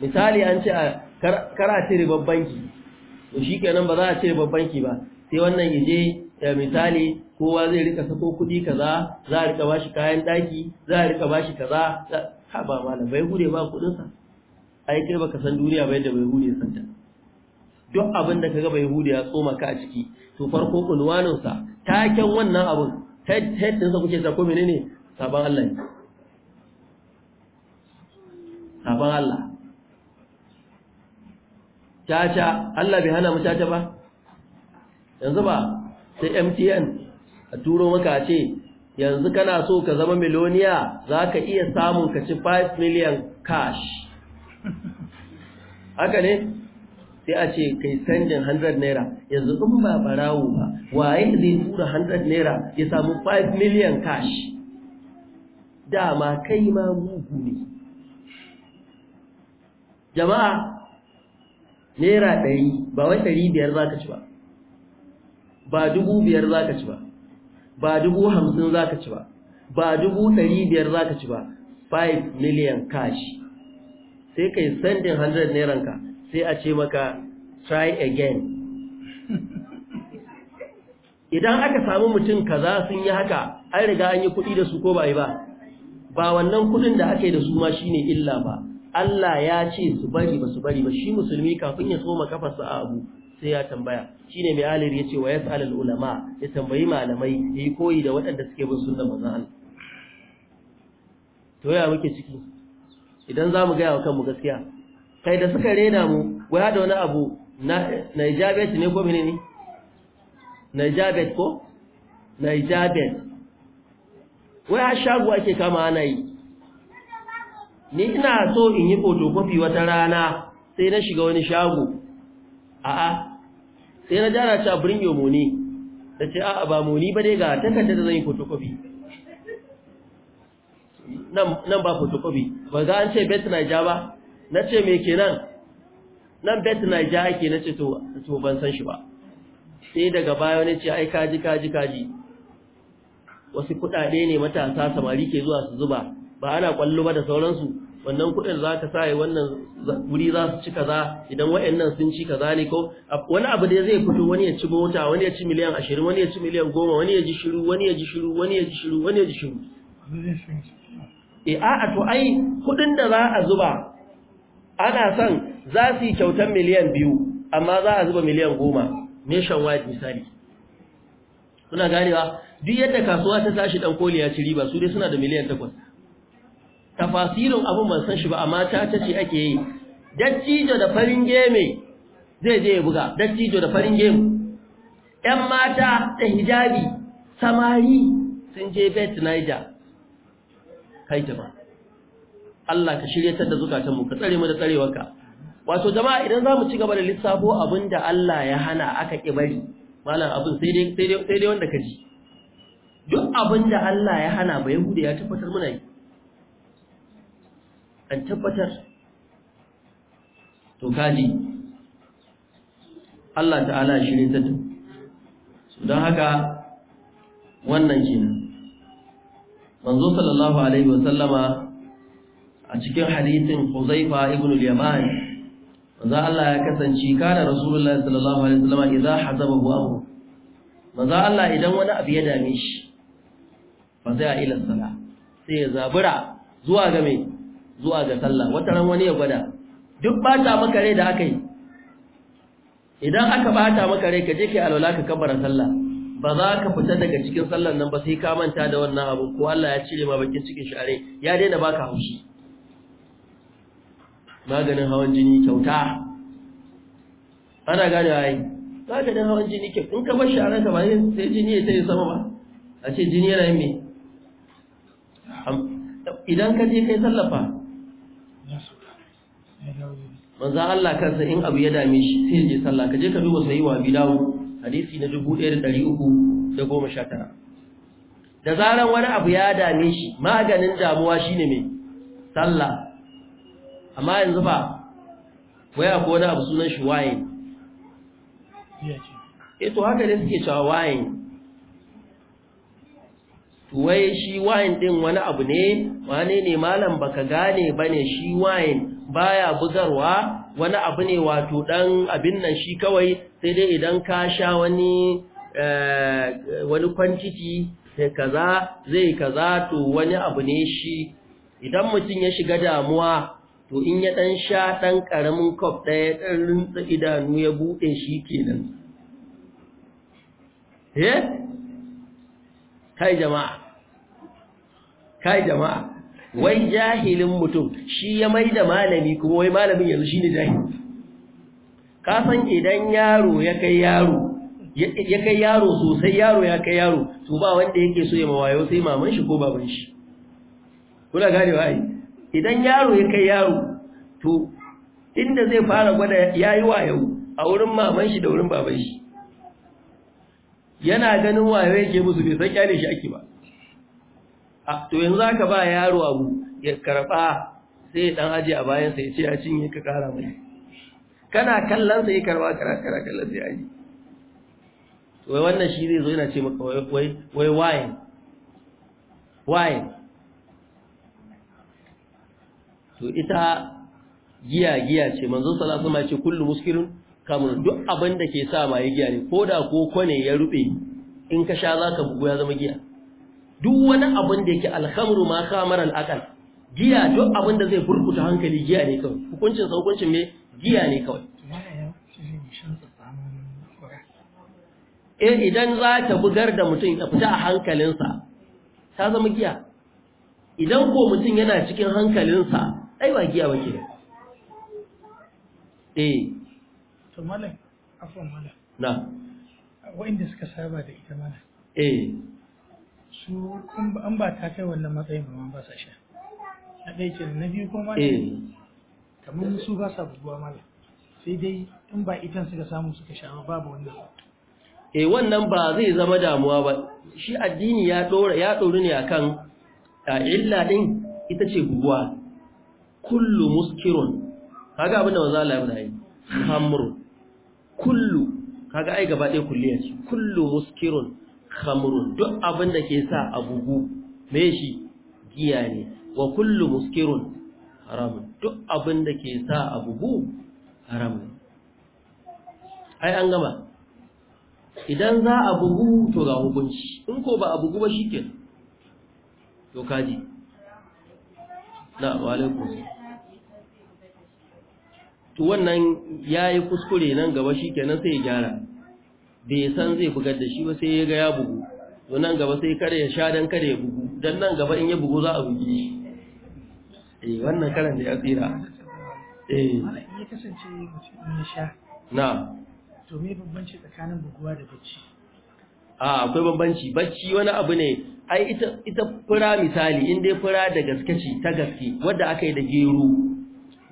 Speaker 1: misali an ce a kara cire banki to shi kenan ba za a cire banki ba sai wannan ya je eh, misali kowa zai rika sako kuɗi kaza za a rika bashi kayan ɗaki za a rika bashi kaza ha ba malam bai hure ba kuɗinsa ai kai baka san duniya ba yadda bai hure ta duk abin da kaga bai hure ya tsoma ka a ciki to farko ta taken wannan abun head ɗinsa kuke sa ko menene saban Allah ne sabon Allah caca Allah bai hana mu caca ba yanzu ba sai MTN a turo maka ce yanzu kana so ka zama miloniya za ka iya samun ka ci 5 million cash haka ne sai a ce kai sanjin 100 naira yanzu in ba barawo ba waye zai tura 100 naira ya samu 5 million cash dama kai ma mugu ne jama'a naira ɗari ba wai ɗari biyar za ka ci ba ba dubu biyar za ka ci ba ba dubu hamsin za ka ci ba ba dubu ɗari biyar za ka ci ba 5 million cash sai ka yi sandin 100 nairanka sai a ce maka try again idan aka samu mutum kaza sun yi haka an riga an yi kuɗi da su ko ba yi ba ba wannan kuɗin da aka yi da su ma shine illa ba Allah ya ce su bari ba su bari ba shi musulmi kafin ya tsoma kafarsa a abu sai ya tambaya Shi ne mai alir ce wa ya al ulama ya tambayi malamai ya yi koyi da waɗanda suke bin sunnar maza an to ya muke ciki idan za mu gaya wa kanmu gaskiya kai da suka rena mu wai haɗa wani abu na Nijabet ne ko menene Nijabet ko Nijabet a shagu ake kama ana yi ni ina so in yi photocopy wata rana sai na shiga wani shago a'a sai na jara ta bring your money da ce a'a ba money ba dai ga takarda da zan yi photocopy nan ba photocopy ba ga an ce bet naija ba na ce me kenan nan bet naija ake na ce to ban san shi ba sai daga baya wani ce ai kaji kaji kaji wasu kudade ne matasa samari ke zuwa su zuba ba ana kwallo ba da sauransu wannan kuɗin za ka sa wannan wuri za su ci kaza idan waɗannan sun ci kaza ne ko wani abu da zai fito wani ya ci mota wani ya ci miliyan ashirin wani ya ci miliyan goma wani ya ji shiru wani ya ji shiru wani ya ji shiru wani ya ji shiru e a'a to ai kuɗin da za a zuba ana son za su yi kyautar miliyan biyu amma za a zuba miliyan goma nationwide misali kuna ganewa duk yadda kasuwa ta tashi dan koli ya ci riba su dai suna da miliyan takwas tafasirin abin ban san shi ba amma ta tace ake yi dattijo da farin geme zai je ya buga dattijo da farin gemu ‘yan mata da hijabi samari sun je bet naija kai jama Allah ka ta da zukatanmu ka tsare mu da tsarewarka wato jama'a idan za mu ci gaba da lissafo abin da Allah ya hana aka ƙi bari malam abin sai dai wanda ka ji duk abin da Allah ya hana ba yahuda ya tabbatar muna yi an tabbatar to kaji Allah ta'ala shirye ta don haka wannan kenan manzo sallallahu alaihi wasallama a cikin hadisin Huzaifa ibn al-Yaman manzo Allah ya kasance kana Rasulullahi sallallahu alaihi wasallama idza hazabahu amru manzo Allah idan wani abu ya dame shi fa sai a ila sala sai ya zabura zuwa ga mai zuwa ga sallah wata ran wani ya gwada duk bata maka rai da aka yi idan aka bata maka rai ka je kai alwala ka kabbara sallah ba za ka fita daga cikin sallar nan ba sai ka manta da wannan abu ko Allah ya cire ma bakin cikin share ya daina baka haushi maganin hawan jini kyauta ana gane ai maganin hawan jini ke in ka bar sharan ka ba sai jini ya tayi sama ba a ce jini yana yin me idan ka je kai sallafa manzan Allah kansa in abu ya dame shi sai je sallah ka je ka duba sayi wa bi hadisi na 1319 da zaran wani abu ya dame shi maganin damuwa shine me sallah amma yanzu ba waya ko wani abu sunan shi waye eh to haka ne suke cewa waye wai shi wayin din wani abu ne wane ne malam baka gane bane shi wayin baya bugarwa wani abu ne wato dan abin nan shi kawai sai dai idan ka sha wani eh, wani kwantiti kaza zai kaza to wani abu ne shi idan mutum ya shiga damuwa to in ya dan sha dan karamin kwaf ɗaya dan rinsa idanu ya buɗe shi kenan eh kai jama'a kai jama'a wai jahilin mutum shi ya mai da malami kuma wai malamin yanzu shi ne jahili kasan idan yaro ya kai yaro ya kai yaro sosai yaro ya kai yaro to ba wanda yake so ya mawayo sai maman shi ko baban shi kuna gane wa idan yaro ya kai yaro to inda zai fara gwada yayi wayo a wurin maman shi da wurin baban shi yana ganin wayo yake musu bai san kyale shi ake ba to yanzu aka ba yaro abu ya karba sai ya dan aje a bayan sa ya ce ya cinye ka kara mai kana kallon sa ya karba kara kara kallon sai aje to wai wannan shi zai zo yana ce maka wai wai wai wine wine to ita giya giya ce Manzo sallallahu alaihi wasallam ya ce kullu muskirin kamun duk abin da ke sa mai giya ne ko da koko ne ya rube in ka sha za ka bugu ya zama giya duk wani abin da yake alhamru ma khamar al giya duk abin da zai burkuta hankali giya ne kawai hukuncin sa hukuncin me giya ne kawai
Speaker 2: eh idan za ta bugar
Speaker 1: da mutum ya fita a hankalinsa ta zama giya idan ko mutum yana cikin hankalinsa ai ba giya bace eh
Speaker 2: to malam afwan malam na wa'inda suka saba da ita malam eh su an ba ta kai wannan matsayin ba ma ba sa sha na ɗaya kenan na biyu kuma ne. Eh. kamar su ba sa buguwa mala sai dai in ba itan suka samu suka sha babu wanda
Speaker 1: eh wannan ba zai zama damuwa ba shi addini ya dora ya dori ne akan illa din ita ce buguwa kullu muskirun kaga abin da manzo Allah ya bada yi hamru kullu kaga ai gaba ɗaya kulliya kullu muskirun khamrun duk abin da ke sa abugu me shi giya ne wa kullu muskirun haram duk abin da ke sa abugu haram ai an gama idan za a bugu to ga hukunci in ko ba a bugu ba shike to kaji
Speaker 2: na alaikum
Speaker 1: to wannan yayi kuskure nan gaba nan sai ya gyara bai san zai bugar da shi ba sai ya ga ya bugu to nan gaba sai kare ya sha dan kare ya bugu dan nan gaba in ya bugu za a bugi shi eh wannan karan da ya tsira eh ya
Speaker 2: kasance mutum ya sha na to me bambanci tsakanin buguwa da bacci
Speaker 1: a akwai bambanci bacci wani abu ne ai ita ita fura misali in dai fura da gaske ce ta gaske wadda aka yi da gero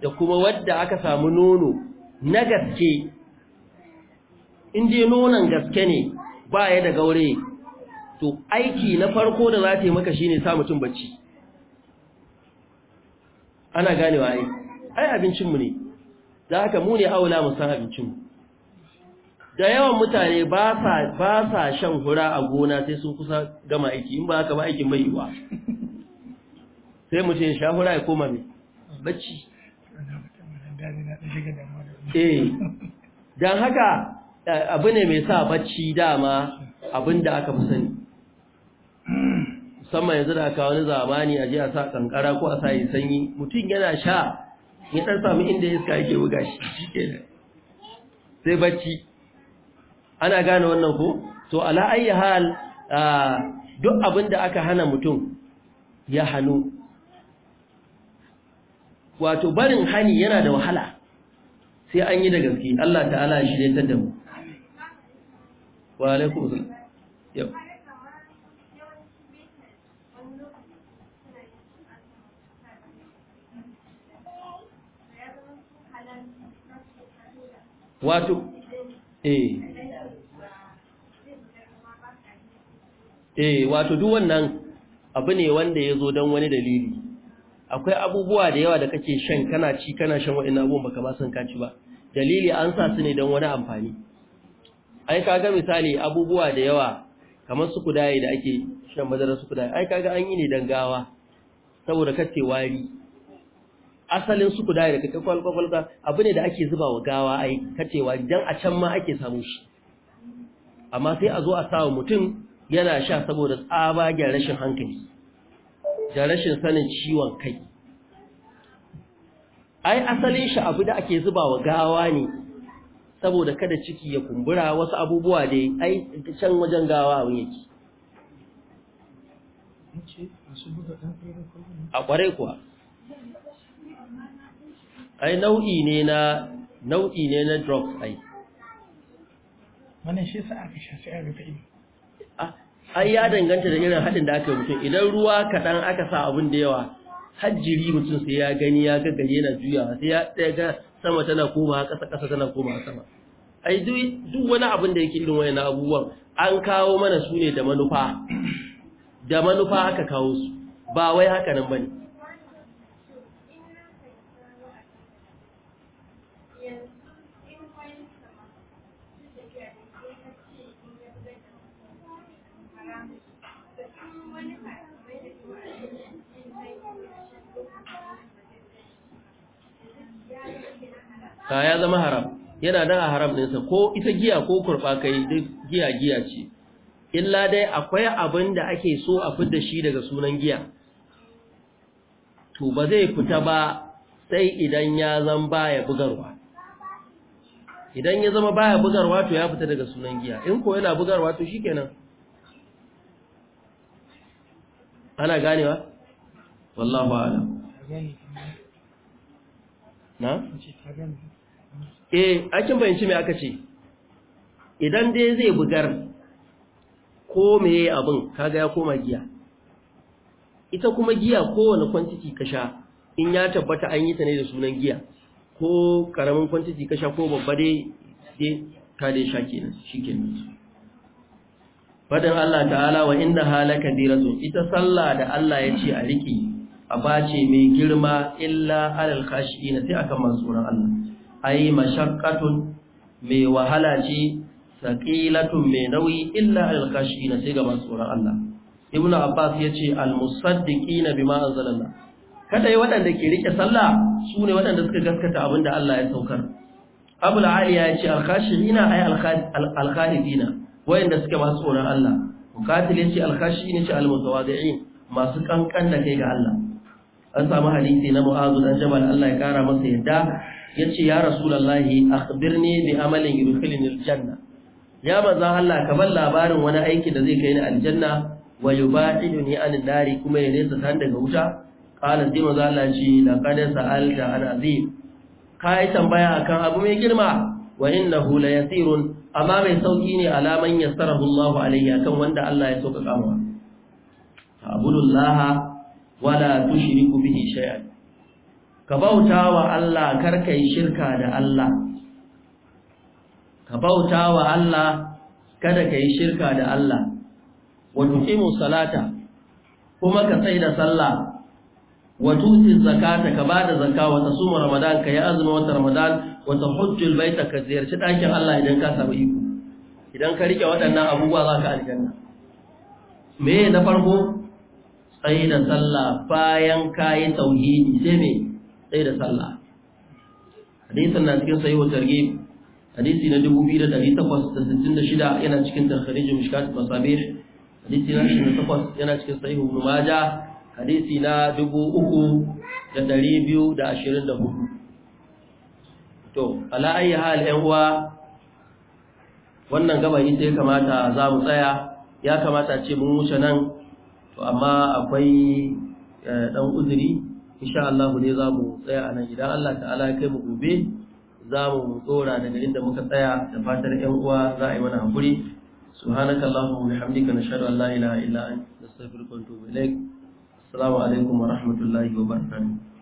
Speaker 1: da kuma wadda aka samu nono na gaske in je nonon gaske ne ba ya da gaure to aiki na farko da za ta yi maka shine sa mutum bacci ana ganewa ai ai abincinmu ne da haka mu ne aula mu san abincinmu da yawan mutane ba sa ba sa shan hura a gona sai sun kusa gama aiki in ba haka ba aikin bai yiwa sai mutum ya sha hura ya koma mai bacci eh dan haka Eh, abu ne mai sa bacci dama abinda aka fi sani musamman yanzu da aka wani zamani a ji a sa kankara ko a sa yi sanyi mutum yana sha ya ɗan samu inda iska yake buga shi shi sai bacci ana gane wannan ko to ala ayi hal duk abin da aka hana mutum ya hannu wato barin hani yana da wahala sai an yi da gaske Allah ta'ala shi ne ta damu wa alaikum
Speaker 2: yau wato eh
Speaker 1: eh wato duk wannan abu ne wanda ya zo don wani dalili akwai abubuwa da yawa da kake shan kana ci kana shan waɗannan abubuwan ba ma san kaci ba dalili an sa su ne don wani amfani ai kaga misali abubuwa da yawa kamar su kudaye da ake shan madarar su kudaye ai kaga an yi ne dan gawa saboda kace wari asalin su kudaye da kake kwalkwalka abu ne da ake zuba wa gawa ai kace wari dan a can ma ake samu shi amma sai a zo a sawo mutum yana sha saboda tsabagen rashin hankali da rashin sanin ciwon kai ai asalin shi abu da ake zuba wa gawa ne saboda kada ciki ya kumbura wasu abubuwa dai ai can wajen gawa abin yake a kwarai kuwa ai nau'i ne na nau'i ne na drugs ai
Speaker 2: wannan shi sa aka shafi a rufe ne?
Speaker 1: ai ya danganta da irin haɗin da aka yi mutum idan ruwa kaɗan aka sa abin da yawa hajjiri mutum sai ya gani ya gaggare yana juyawa sai ya ɗaya sama tana komawa ƙasa ƙasa tana komawa sama ai duk wani abin da yake irin wayannan abubuwan an kawo mana su da manufa da manufa aka kawo su ba wai haka nan bane
Speaker 2: ka ya zama haram
Speaker 1: yana da a haram ɗinsa ko ita giya ko kurɓa kai duk giya giya ce illa dai akwai abin da ake so a fidda shi daga sunan giya to ba zai fita ba sai idan ya zan baya bugarwa idan ya zama baya bugarwa to ya fita daga sunan giya in ko yana bugarwa to shikenan ana ganewa wallahu a'lam na eh akin bayanci mai aka ce idan dai zai bugar ko meye abin kaga ya koma giya ita kuma giya kowane kwantiti kasha in ya tabbata an yi ta ne da sunan giya ko karamin kwantiti ka ko babba dai dai ka dai sha kenan shikenan fadin Allah ta'ala wa inna halaka diratu ita sallah da Allah ya ce a riki a bace mai girma illa alal ina sai akan masu Allah ai mashaqqatun mai wahala ce saqilatun mai nauyi illa alqashina sai ga masu Allah ibnu abbas yace almusaddiqina bima anzalallah kada yi waɗanda ke rike sallah su ne waɗanda suka gaskata abinda Allah ya saukar abul aliya yace alkhashina ay alkhadifina wayanda suka masu tsoron Allah mukatil yace alkhashina al almutawadi'in masu kankan da kai ga Allah an samu hadisi na mu'azu dan jabal Allah ya kara masa yadda ce ya rasulullahi akhbirni bi amalin yudkhilni aljanna ya manzon Allah ka ban labarin wani aiki da zai kai ni aljanna wa yubaiduni anin nari kuma ya nesa tan daga wuta qala sai manzon Allah ce laqad sa'alta an azim kai tambaya akan abu mai girma wa innahu la yasirun amma mai sauki ne alaman yassarahu Allah alayhi kan wanda Allah ya sauka kama abudullah wala tushriku bihi shay'an ka bauta wa Allah karka yi shirka da Allah ka bauta wa Allah kada ka yi shirka da Allah wa tuqimu salata kuma ka tsai da sallah wa tuti zakata ka bada zakka wa tasuma ramadan ka yi azumi wata ramadan wa tahujjul baita ka ziyarci dakin Allah idan ka samu iko idan ka rike waɗannan abubuwa za ka aljanna me na farko tsaye da sallah bayan yi tauhidi sai me sai da sallah hadisin na cikin sahihu targhib hadisi na 2866 yana cikin tarkharij mishkat masabih hadisi na 28 yana cikin sahihu ibn majah hadisi na 3224 to ala ayi hal ɗan uwa wannan gaba ita ya kamata za mu tsaya ya kamata ce mun wuce nan to amma akwai eh, ɗan uzuri insha Allah ne za mu tsaya a nan idan Allah ta'ala ya kai mu gobe za mu tsora daga da muka tsaya da fatar ƴan uwa za a yi mana hakuri subhanaka allahumma wa bihamdika nashhadu an la ilaha illa
Speaker 2: anta nastaghfiruka wa natubu ilaik assalamu alaikum wa rahmatullahi wa barakatuh